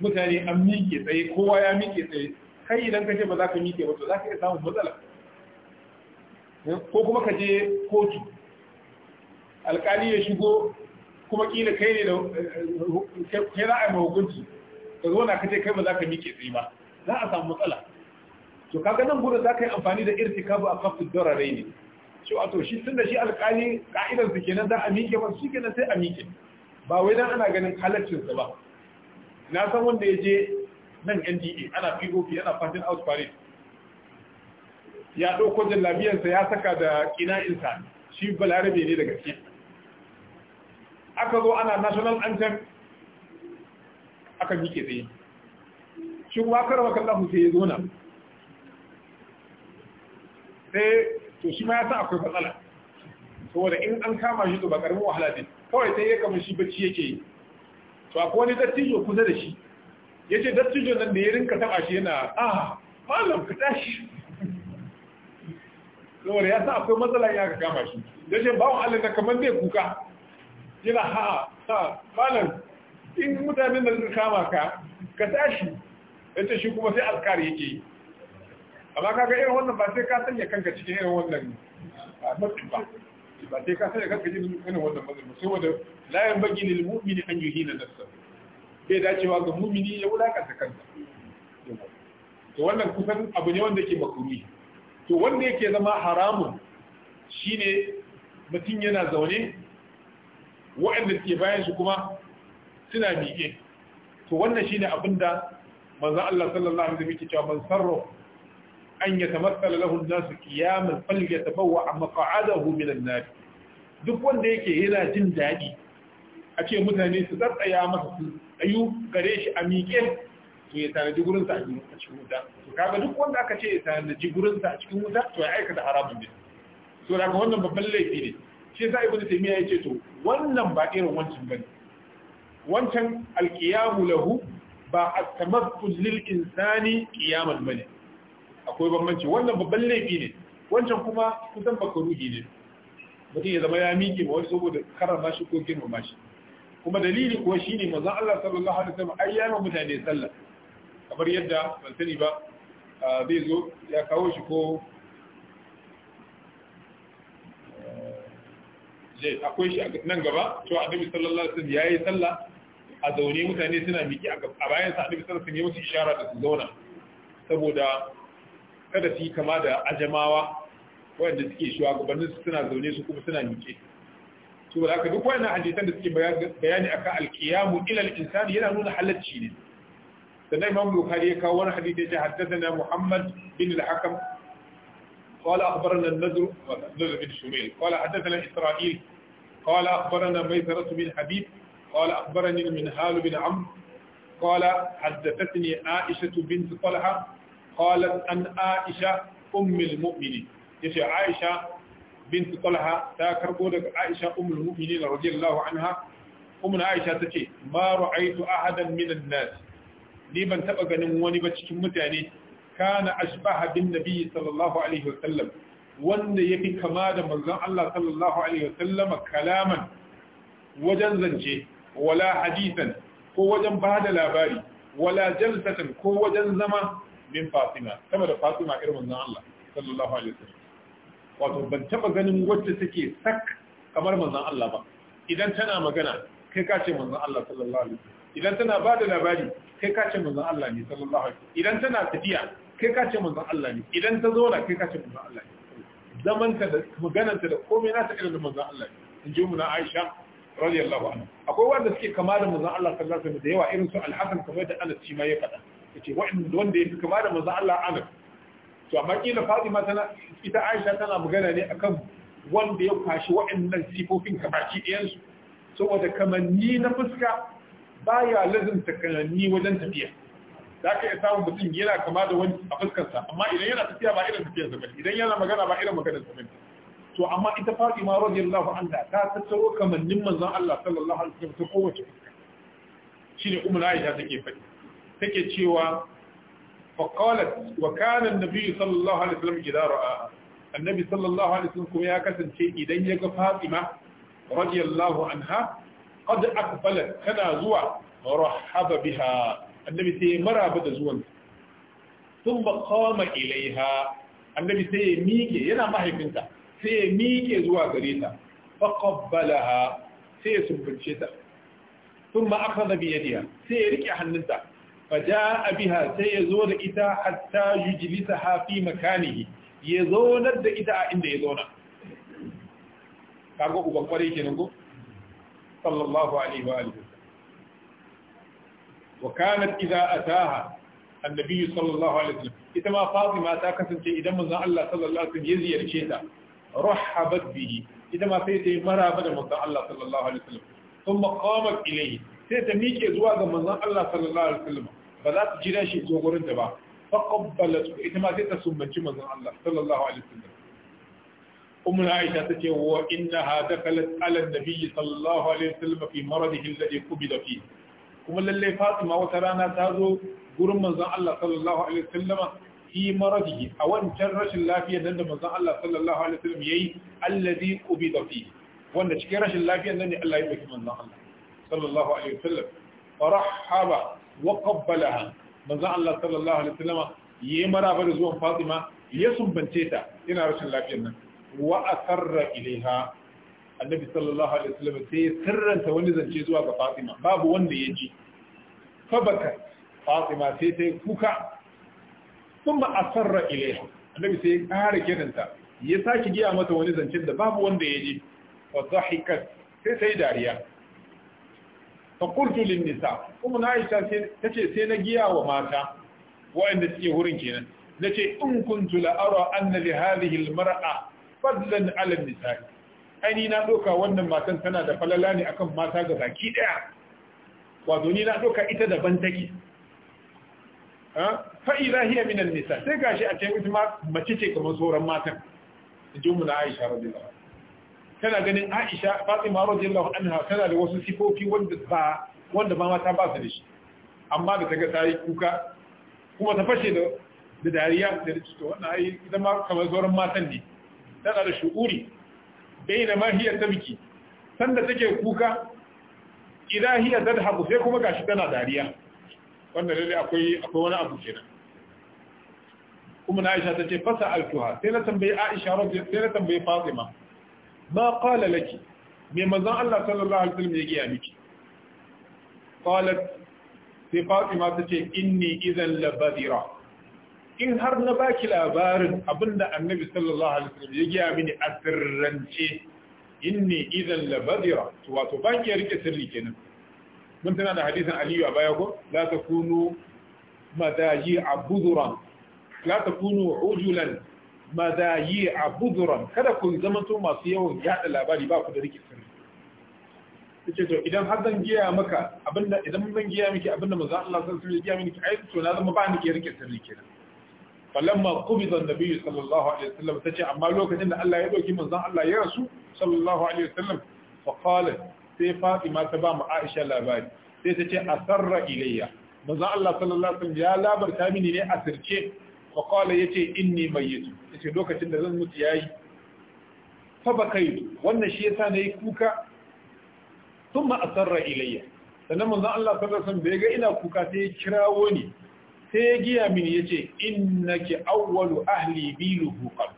mutane an miƙe tsaye kowa ya miƙe tsaye kai idan ka ce ba za ka miƙe ba to za ka iya samun matsala ko kuma ka je kotu alkali ya shigo kuma kila kai ne da kai za a yi mahukunci ka zo na ka ce kai ba za ka miƙe tsaye ba za a samu matsala to kaga nan gudun za ka yi amfani da irtikabu a dora dorarai ne cewa to shi tun da shi alkali ka'idar su kenan za a miƙe ba shi kenan sai a miƙe ba wai dan ana ganin halaccinsa ba na san wanda ya je nan nda ana pop ana fashion out parade ya ɗauko jallabiyarsa ya saka da ƙina'insa shi balarabe ne daga gaske aka zo ana national anthem aka miƙe tsaye shi kuma karwa kallahu sai ya zona sai to shi ma ya san akwai matsala saboda in an kama shi to ba karamin wahala ne kawai sai ya kama shi bacci yake yi to akwai wani dattijo kusa da shi ya ce dattijo nan da ya rinka taɓa shi yana ah malam ka tashi saboda ya sa akwai matsala ya ga kama shi ya ce bawon Allah na kamar zai kuka yana ha ha malam in mutane da suka kama ka ka tashi ya ce shi kuma sai alkari yake yi amma kaga irin wannan ba sai ka sanya kanka cikin irin wannan ba ba sai ka sanya kanka cikin irin wannan matsin ba wanda la yan bagi lil mu'mini an yuhina nafsa bai dacewa ga mu'mini ya wulakanta kansa to wannan kusan abu ne wanda ke makuri to wanda yake zama haramun shine mutum yana zaune waɗanda ke bayan shi kuma suna miƙe to wannan shine abin da manzon Allah sallallahu alaihi wasallam yake cewa man sarra an yatamassala lahu an-nasu qiyaman falyatabawwa maq'adahu min an-nar duk wanda yake yana jin daɗi a ce mutane su tsaya masa su ayu gare shi a miƙe to ya tanadi gurinsa a cikin wuta to kaga duk wanda aka ce ya tanadi gurinsa a cikin wuta to ya aikata haramun ne to daga wannan babban laifi ne shi yasa ibnu taymiya ya ce to wannan ba irin wancan bane wancan alqiyamu lahu ba at-tamakkul lil insani qiyaman bane akwai bambanci wannan babban laifi ne wancan kuma kusan makaruhi ne mutum ya zama ya miƙe ba wani saboda karama shi ko girmama shi kuma dalili kuwa shine manzon Allah sallallahu alaihi wasallam ayyamin mutane sallah kamar yadda ban sani ba zai zo ya kawo shi ko eh, akwai shi nan gaba cewa annabi sallallahu alaihi ya yi sallah a zaune mutane suna miki a bayan sa annabi sallallahu alaihi wasallam ya musu ishara da su zauna saboda kada su yi kama da ajamawa wanda suke shugabannin su suna zaune su kuma suna miki saboda haka duk wannan hadisan da suke bayani akan alqiyamu ila al-insani yana nuna halacci ne sannan imam bukhari ya kawo wani hadisi ya ce haddathana muhammad bin al-hakam قال أخبرنا النذر النذر بن شميل قال حدثنا إسرائيل قال أخبرنا ميسرة بن حبيب قال أخبرني المنهال بن عمرو قال حدثتني عائشة بنت طلحة قالت أن عائشة أم المؤمنين يشي عائشة بنت طلحة تاكر قولك عائشة أم المؤمنين رضي الله عنها أم عائشة تشي ما رأيت أحدا من الناس ni ban taba ganin wani ba cikin mutane kana ashbaha bin nabi sallallahu alaihi wasallam wanda yafi kama da manzon Allah sallallahu alaihi wasallam kalaman wajen zance wala hadisan ko wajen bada labari wala jalsatan ko wajen zama min Fatima kama da Fatima irin manzon Allah sallallahu alaihi wasallam wato ban taba ganin wacce take sak kamar manzon Allah ba idan tana magana kai ka ce manzon Allah sallallahu alaihi wasallam idan tana ba da labari kai ka ce manzon Allah ne sallallahu alaihi wasallam idan tana tafiya kai ka ce manzon Allah ne idan ta zauna kai ka ce manzon Allah ne zaman ta da maganar ta da komai na ta irin manzon Allah ne in ji mu na Aisha radiyallahu anha akwai wanda suke kama da manzon Allah sallallahu alaihi wasallam da yawa irin su Al-Hasan kamar da Anas shi ma ya faɗa yace wanda yake kama da manzon Allah Anas to amma kila Fatima tana ita Aisha tana magana ne akan wanda ya kwashi waɗannan sifofin kamar ki saboda kamanni na fuska baya lazimta kananni wajen tafiya za ka iya samun mutum yana kama da wani a fuskarsa amma idan yana tafiya ba irin tafiyar sa idan yana magana ba irin maganar sa to amma ita ma Fatima radiyallahu anha ta tattaro kamannin manzon Allah sallallahu alaihi wasallam ta kowace fuska shine ummu Aisha take faɗi take cewa fa qalat wa kana an-nabi sallallahu alaihi wasallam idza ra'a annabi sallallahu alaihi wasallam kuma ya kasance idan ya ga Fatima radiyallahu anha qad aqbalat kana zuwa marhaba biha annabi sai maraba da zuwan thumma qama ilaiha annabi sai ya miƙe yana mahaifinta sai ya miƙe zuwa gare ta sai ya sumbunce ta thumma akhadha bi yadiha sai ya rike hannunta fa jaa biha sai ya zo da ita hatta yujlisaha fi ya zaunar da ita a inda ya zauna kaga uban kwarai kenan ko صلى الله عليه وآله وسلم وكانت إذا أتاها النبي صلى الله عليه وسلم إذا ما فاطمة تاكسن إذا من الله صلى الله عليه وسلم يزي الشيطة رحبت به إذا ما سيتي مرابا من الله صلى الله عليه وسلم ثم قامت إليه سيتميك إزواج من الله صلى الله عليه وسلم فلا تجرى شيء زوغرن دبا فقبلته إذا ما سيتسمى من الله صلى الله عليه وسلم ummu aisha ce wa innaha dakalat ala an-nabiy sallallahu alaihi wasallam fi maradihi alladhi qubida fihi kuma lalle fatima wata rana ta zo gurin manzon Allah sallallahu alaihi wasallam fi maradihi a wancan rashin lafiyar nan da manzon Allah sallallahu alaihi wasallam yayi alladhi qubida fihi wanda cikin rashin lafiyar nan ne Allah ya baki manzon Allah sallallahu alaihi wasallam farahaba wa qabbalaha manzon Allah sallallahu alaihi wasallam yayi maraba da zuwan fatima ya sumbance ta ina rashin lafiyar nan wa asarra ilaiha annabi sallallahu alaihi wasallam sai ya sirranta wani zance zuwa ga Fatima babu wanda ya ji fa baka Fatima sai ta kuka kuma asarra ilaiha annabi sai ya kare kiranta ya saki giya mata wani zancen da babu wanda ya ji fa dhahikat sai sai dariya fa qultu lin nisa kuma Aisha sai tace sai na giya wa mata wa'anda suke wurin kenan nace in kuntu la ara anna li hadhihi al mar'a fadlan ala nisa'i ani na doka wannan matan tana da falala ne akan mata ga baki daya wato ni na doka ita daban take fa idha hiya min an-nisa sai gashi a cikin ita mace ce kamar sauran matan jimu na Aisha radiyallahu tana ganin Aisha Fatima radiyallahu anha tana da wasu sifofi wanda ba wanda ba mata ba su da shi amma da ta taga tayi kuka kuma ta fashe da da dariya da to wannan ai ita ma kamar sauran matan ne tana da shu'uri baina ma hiya tabki sanda take kuka idan hiya tadhabu sai kuma gashi tana dariya wannan lalle akwai akwai wani abu kenan kuma na Aisha tace fasa altuha sai na tambayi Aisha radiyallahu sai na tambayi Fatima ma qala laki me manzon Allah sallallahu alaihi wasallam ya gaya miki qalat sai Fatima tace inni idan labadira in har na baki labarin abinda annabi sallallahu alaihi wasallam ya gaya mini a sirrance inni idan labadira to wato baki ya rike sirri kenan mun tana da hadisin aliyu a baya ko la takunu madayi abuduran la takunu ujulan madayi abuduran kada ku zama to masu yawan yada labari ba ku da rike sirri kace to idan har zan giya maka abinda idan zan giya miki abinda manzo Allah sallallahu alaihi wasallam ya giya miki ai to na zama ba ni ke rike sirri kenan falamma qubida an-nabi sallallahu alaihi wasallam tace amma lokacin da Allah ya dauki manzon Allah ya rasu sallallahu alaihi wasallam fa qalat sai Fatima ta ba mu Aisha labari sai tace asarra ilayya manzon Allah sallallahu alaihi wasallam ya labarta mini ne asirce fa qala yace inni mayyitu yace lokacin da zan mutu yayi fa bakaitu wannan shi yasa nayi kuka thumma asarra ilayya sannan manzon Allah sallallahu alaihi wasallam bai ga ina kuka sai ya kirawo ni sai giya mini yace innaki awwalu ahli biyu luhuqan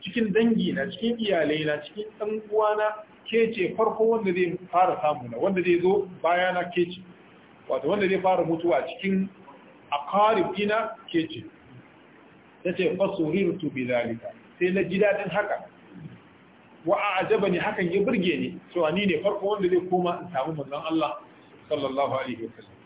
cikin dangi na cikin iyalai na cikin dan uwana ke ce farko wanda zai fara samu na wanda zai zo baya na ke ce wato wanda zai fara mutuwa cikin aqarib ina ke ce yace fasurirtu bi sai na ji dadin haka wa ne hakan ya burge ni cewa ni ne farko wanda zai koma in samu manzon Allah sallallahu alaihi wasallam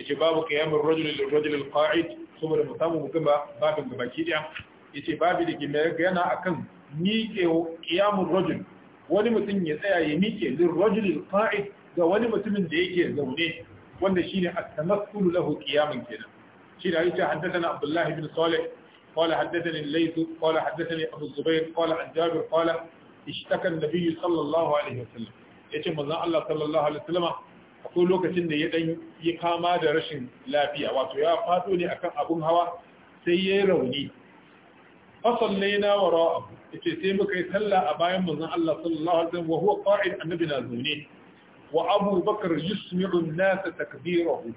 yace babu qiyamul rajul lil rajul al qa'id saboda mu samu ba babin gaba ki da yace babu da kimar yana akan miƙe qiyamul rajul wani mutum ya tsaya ya miƙe lil rajul al qa'id ga wani mutumin da yake zaune wanda shine at-tamakkul lahu qiyaman kenan shi da yace haddathana abdullah ibn salih قال حدثني الليث قال حدثني أبو الزبير قال عن جابر قال اشتكى النبي صلى الله عليه وسلم يتم الله Sallallahu alaihi عليه akwai lokacin da ya dan yi kama da rashin lafiya wato ya fado ne akan abun hawa sai ya yi rauni fasallaina wa ra'ahu yace sai muka yi sallah a bayan manzon Allah sallallahu alaihi wasallam wa huwa qa'id annabi na zaune. wa Abu Bakar yusmi'u an-nas takbirahu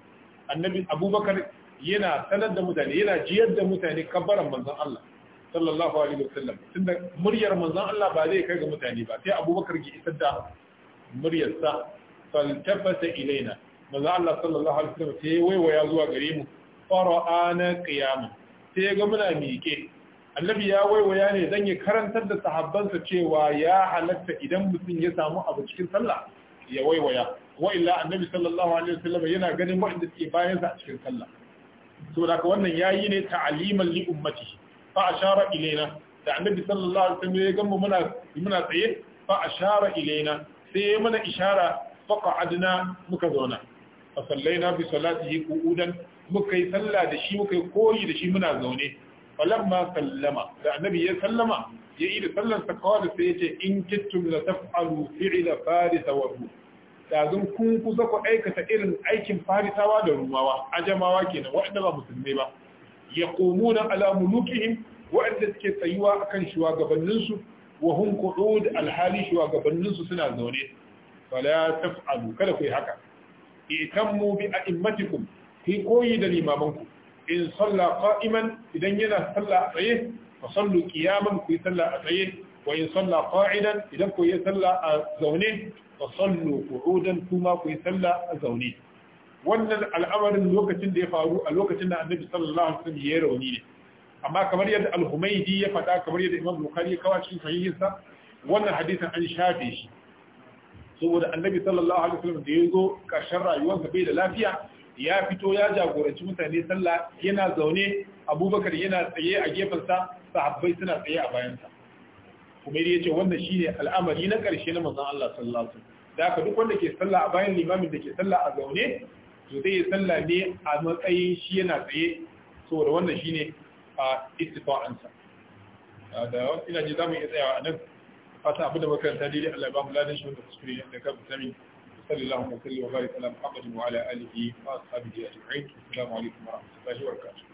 annabi Abu Bakar yana sanar da mutane yana jiyar da mutane kabbaran manzon Allah sallallahu alaihi wa sallam. tunda muryar manzon Allah ba zai kai ga mutane ba sai Abu Bakar ki isar da muryarsa faltafata ilaina manzo Allah sallallahu alaihi wasallam sai waiwaya zuwa gare mu fara'ana qiyama sai ga muna miƙe annabi ya waiwaya ne zan yi karantar da sahabbansa cewa ya halatta idan mutum ya samu abu cikin sallah ya waiwaya wa illa annabi sallallahu alaihi wasallam yana ganin waɗanda ke bayan sa cikin sallah saboda haka wannan yayi ne ta'aliman li ummati fa ashara ilaina da annabi sallallahu alaihi wasallam ya mu muna muna tsaye fa ashara ilaina sai ya mana ishara faqa'adna muka zauna fa sallaina bi salatihi qu'udan muka yi salla da shi muka yi koyi da shi muna zaune falamma sallama da annabi ya sallama ya yi da sallan sa kawai sai ya ce in kittum la taf'alu fi'la farisa wa ru da zan kun kusa ku aikata irin aikin farisawa da rumawa ajamawa kenan waɗanda ba musulmai ba yaqumuna ala mulukihim waɗanda suke tsayuwa akan shugabanninsu wa hum qu'ud alhali shugabanninsu suna zaune fala taf'alu kada ku yi haka itammu bi a'immatikum fi koyi da limamanku in salla qa'iman idan yana salla a tsaye fa sallu qiyaman ku yi salla a tsaye wa in salla qa'idan idan ku yi a zaune fa sallu qu'udan kuma kuyi yi salla a zaune wannan al'amarin lokacin da ya faru a lokacin da annabi sallallahu alaihi wasallam ya rauni ne amma kamar yadda al-humaydi ya faɗa kamar yadda imam bukhari ya kawo cikin sahihinsa wannan hadisin an shafe shi saboda annabi sallallahu alaihi wasallam da yazo karshen rayuwarsa bai da lafiya ya fito ya jagoranci mutane sallah yana zaune abubakar yana tsaye a gefensa sahabbai suna tsaye a bayansa kuma ya ce wannan shine al'amari na karshe na manzon Allah sallallahu alaihi wasallam da haka duk wanda ke sallah a bayan limamin da ke sallah a zaune to zai sallah ne a matsayin shi yana tsaye saboda wannan shine a istifa'ansa da ina ji zamu iya tsayawa a nan fata abu da makaranta daidai Allah ba mu ladan shi wanda kuskure da ka mutane sallallahu alaihi wa sallam wa baraka ala muhammadin wa ala alihi wa ashabihi ajma'in assalamu alaikum wa rahmatullahi wa barakatuh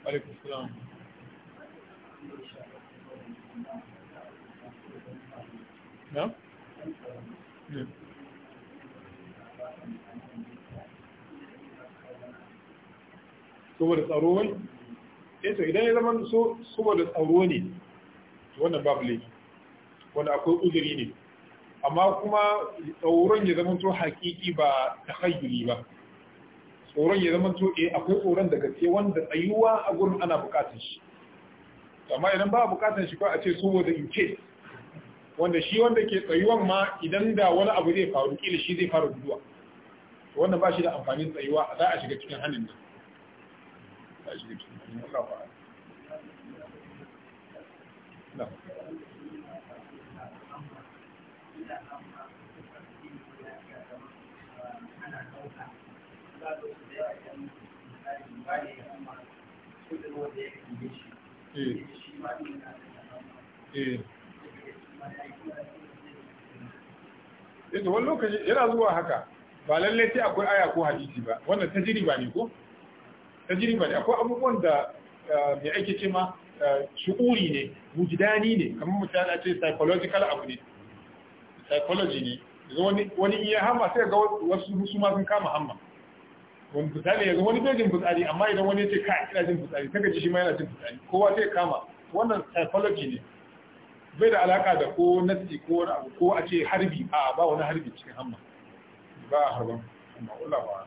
وعليكم السلام نعم نعم saboda tsaro wani eh to idan ya zama so saboda tsaro ne wannan babu laifi wanda akwai uzuri ne amma kuma tsoron ya zama to hakiki ba ta takhayyuli ba tsoron ya zama to eh akwai tsoron daga ce wanda tsayuwa a gurin ana bukatar shi amma idan ba bukatar shi ko a ce saboda in ce. wanda shi wanda ke tsayuwan ma idan da wani abu zai faru kila shi zai fara guduwa wannan ba shi da amfanin tsayuwa za a shiga cikin hannun nan shi eh, eh. eh, wani lokaci yana zuwa haka ba lallai sai akwai aya ko hadisi ba, wannan ta jiri ba ne ko? ba ne akwai abubuwan da eh, mai ake ce ma eh, shu'uri ne wujidani ne kamar misali a ce psychological abu ne psychology ne yanzu wani iya hama sai ga wasu musu ma sun kama hamma wani fitsari yanzu wani bai jin fitsari amma idan wani ce ka ina jin fitsari ta gaji shi ma yana jin fitsari kowa sai kama wannan psychology ne bai da alaka da ko nasi ko wani abu ko a ce harbi a ba wani harbi cikin hamma ba a harban amma Allah ba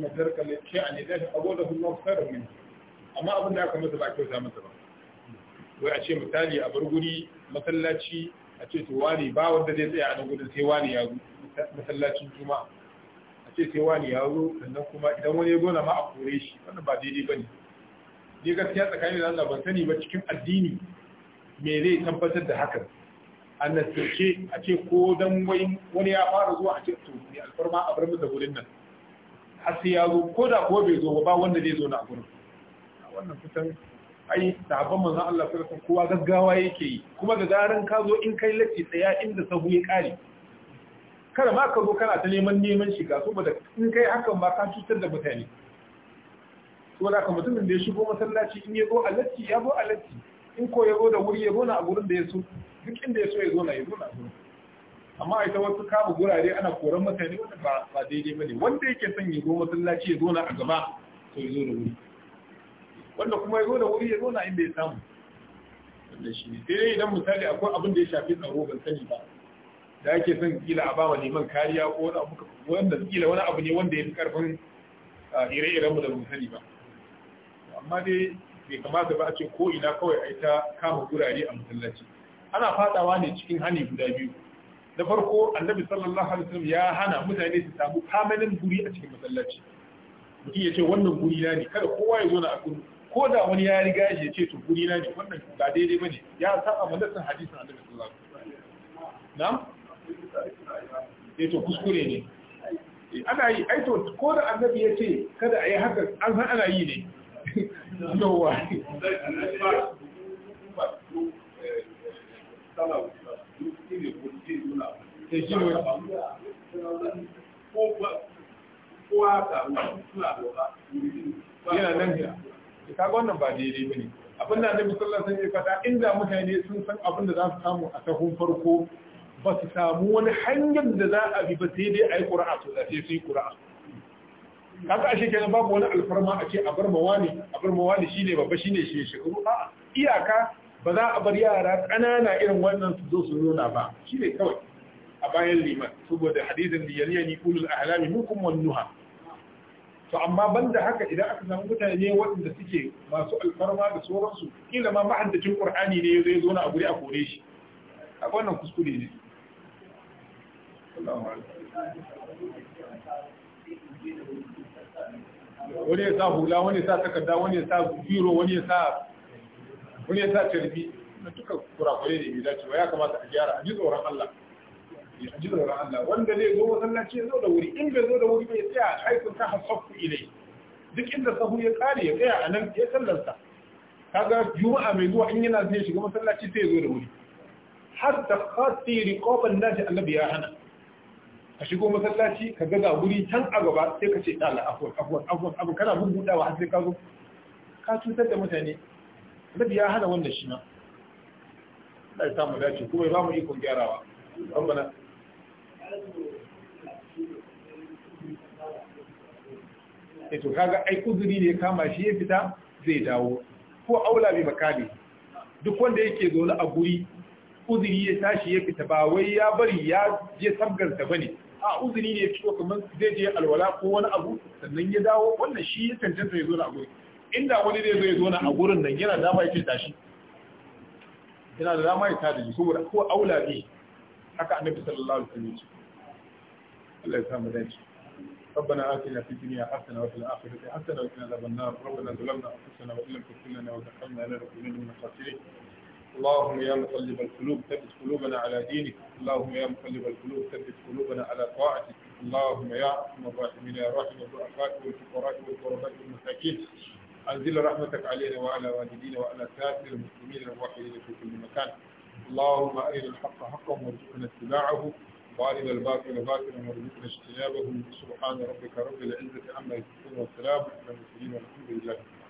mazluma tarka li shay'an idan awadahu Allah khairan min amma abin da aka masa ba kyauta masa ba wai a ce misali a bar guri masallaci a ce to wani ba wanda zai tsaya a nan gudun sai wani ya zo masallacin juma'a a ce sai wani ya zo sannan kuma idan wani ya gona ma a kore shi wannan ba daidai ne. ni gaskiya tsakanin da Allah ban sani ba cikin addini me zai tabbatar da hakan annasirce a ce ko dan wani ya fara zuwa a ce to ne alfarma a bar masa gurin nan har sai ya zo ko da ko bai zo ba ba wanda zai zo na gurin wannan fitar ai da sahabban manzon Allah sai san kowa gaggawa yake yi kuma da garin ka zo in kai lati tsaya inda sahu ya kare kada ma ka zo kana ta neman neman shiga saboda in kai hakan ba ka cutar da mutane da kuma mutumin da ya shigo masallaci in ya zo a latti ya zo a latti in ko ya zo da wuri ya zo na a gurin da ya so duk inda ya so ya zo na ya zo na gurin amma a ita wasu kama gurare ana koran mutane wanda ba ba daidai bane wanda yake son ya zo masallaci ya zauna a gaba to ya zo da wuri wanda kuma ya zo da wuri ya zauna inda ya samu wanda shi ne sai dai idan misali akwai abin da ya shafi tsaro ban sani ba da ake son kila a ba neman kariya ko wani abu wanda kila wani abu ne wanda ya fi karfin ire-iren mu da ban sani ba amma dai bai kamata ba a ce ko ina kawai a ita kama gurare a masallaci ana fadawa ne cikin hani guda biyu na farko annabi sallallahu alaihi wasallam ya hana mutane su samu kamalin guri a cikin masallaci mutum ya ce wannan guri na ne kada kowa ya zo na akun ko da wani ya riga ya ce to guri na ne wannan ba daidai bane ya saba madasan hadisin annabi sallallahu alaihi wasallam na'am eh to kuskure ne eh, ana yi ai to ko da annabi ya ce kada a yi haka an san ana yi ne yawa ke shi ne yana nan da ka wannan ba daidai ba ne abin da annabi sallallahu alaihi wasallam ya faɗa inda mutane sun san abin da za su samu a sahun farko ba su samu wani hanyar da za a bi ba sai dai a yi ƙura'a su sai su yi ƙura'a kaga ashe kenan babu wani alfarma a ce a bar mawani a bar mawani shine babba shine shi shekaru a'a iyaka ba za a bar yara ƙanana irin wannan su zo su nuna ba shi ne kawai a bayan liman saboda hadisin da yariya ni ulul ahlami mu kuma wannuha to amma banda haka idan aka samu mutane waɗanda suke masu alfarma da sauransu kila ma mahaddacin qur'ani ne zai zo na a guri a kore shi a wannan kuskure ne wani ya sa hula wani ya sa takarda wani ya sa biro wani ya sa wani ya sa tarbi na duka kurakure ne bai dace ba ya kamata a gyara a ji tsoron Allah eh, a ji tsoron Allah wanda zai zo masallaci ya zo da wuri in bai zo da wuri bai tsaya haifin ka hasaffu ilai duk inda sahu ya kare ya tsaya a nan ya sallarsa kaga juma'a mai zuwa in yana zai shiga masallaci sai ya zo da wuri har da khati riqaban nashi annabi ya hana a shigo masallaci ka ga wuri can a gaba sai ka ce dala afwan afwan afwan abu kana bubudawa har sai ka zo ka cutar da mutane nabi ya hana wannan shi na da ya samu dace kuma ya ba mu ikon gyarawa bana. E eh to kaga ai uzuri ne kama shi ya fita zai dawo ko aula bi makali duk wanda yake zaune a guri uzuri ya tashi ya fita ba wai ya bari ya je sabgarta bane a uzuri ne ya fito kamar zai je alwala ko wani abu sannan ya dawo wannan shi ya tantance ya zo a guri inda wani dai zai zo na a gurin nan yana dama yake tashi yana da dama ya tada ji saboda ko aula ne haka annabi sallallahu alaihi wasallam Allah ya samu dace ربنا آتنا في الدنيا حسنة وفي الآخرة حسنة وقنا عذاب النار ربنا ظلمنا أنفسنا وإن لم تغفر لنا وترحمنا لنكونن من الخاسرين اللهم يا مقلب القلوب ثبت قلوبنا على دينك اللهم يا مقلب القلوب ثبت قلوبنا على طاعتك اللهم يا ارحم الراحمين يا راحم الضعفاء والفقراء والقرباء والمساكين أنزل رحمتك علينا وعلى والدينا وعلى سائر المسلمين الموحدين في كل مكان اللهم أرنا الحق حقا وارزقنا اتباعه وأرنا الباطل باطلا وارزقنا اجتنابه سبحان ربك رب العزة عما يصفون والسلام على المرسلين والحمد لله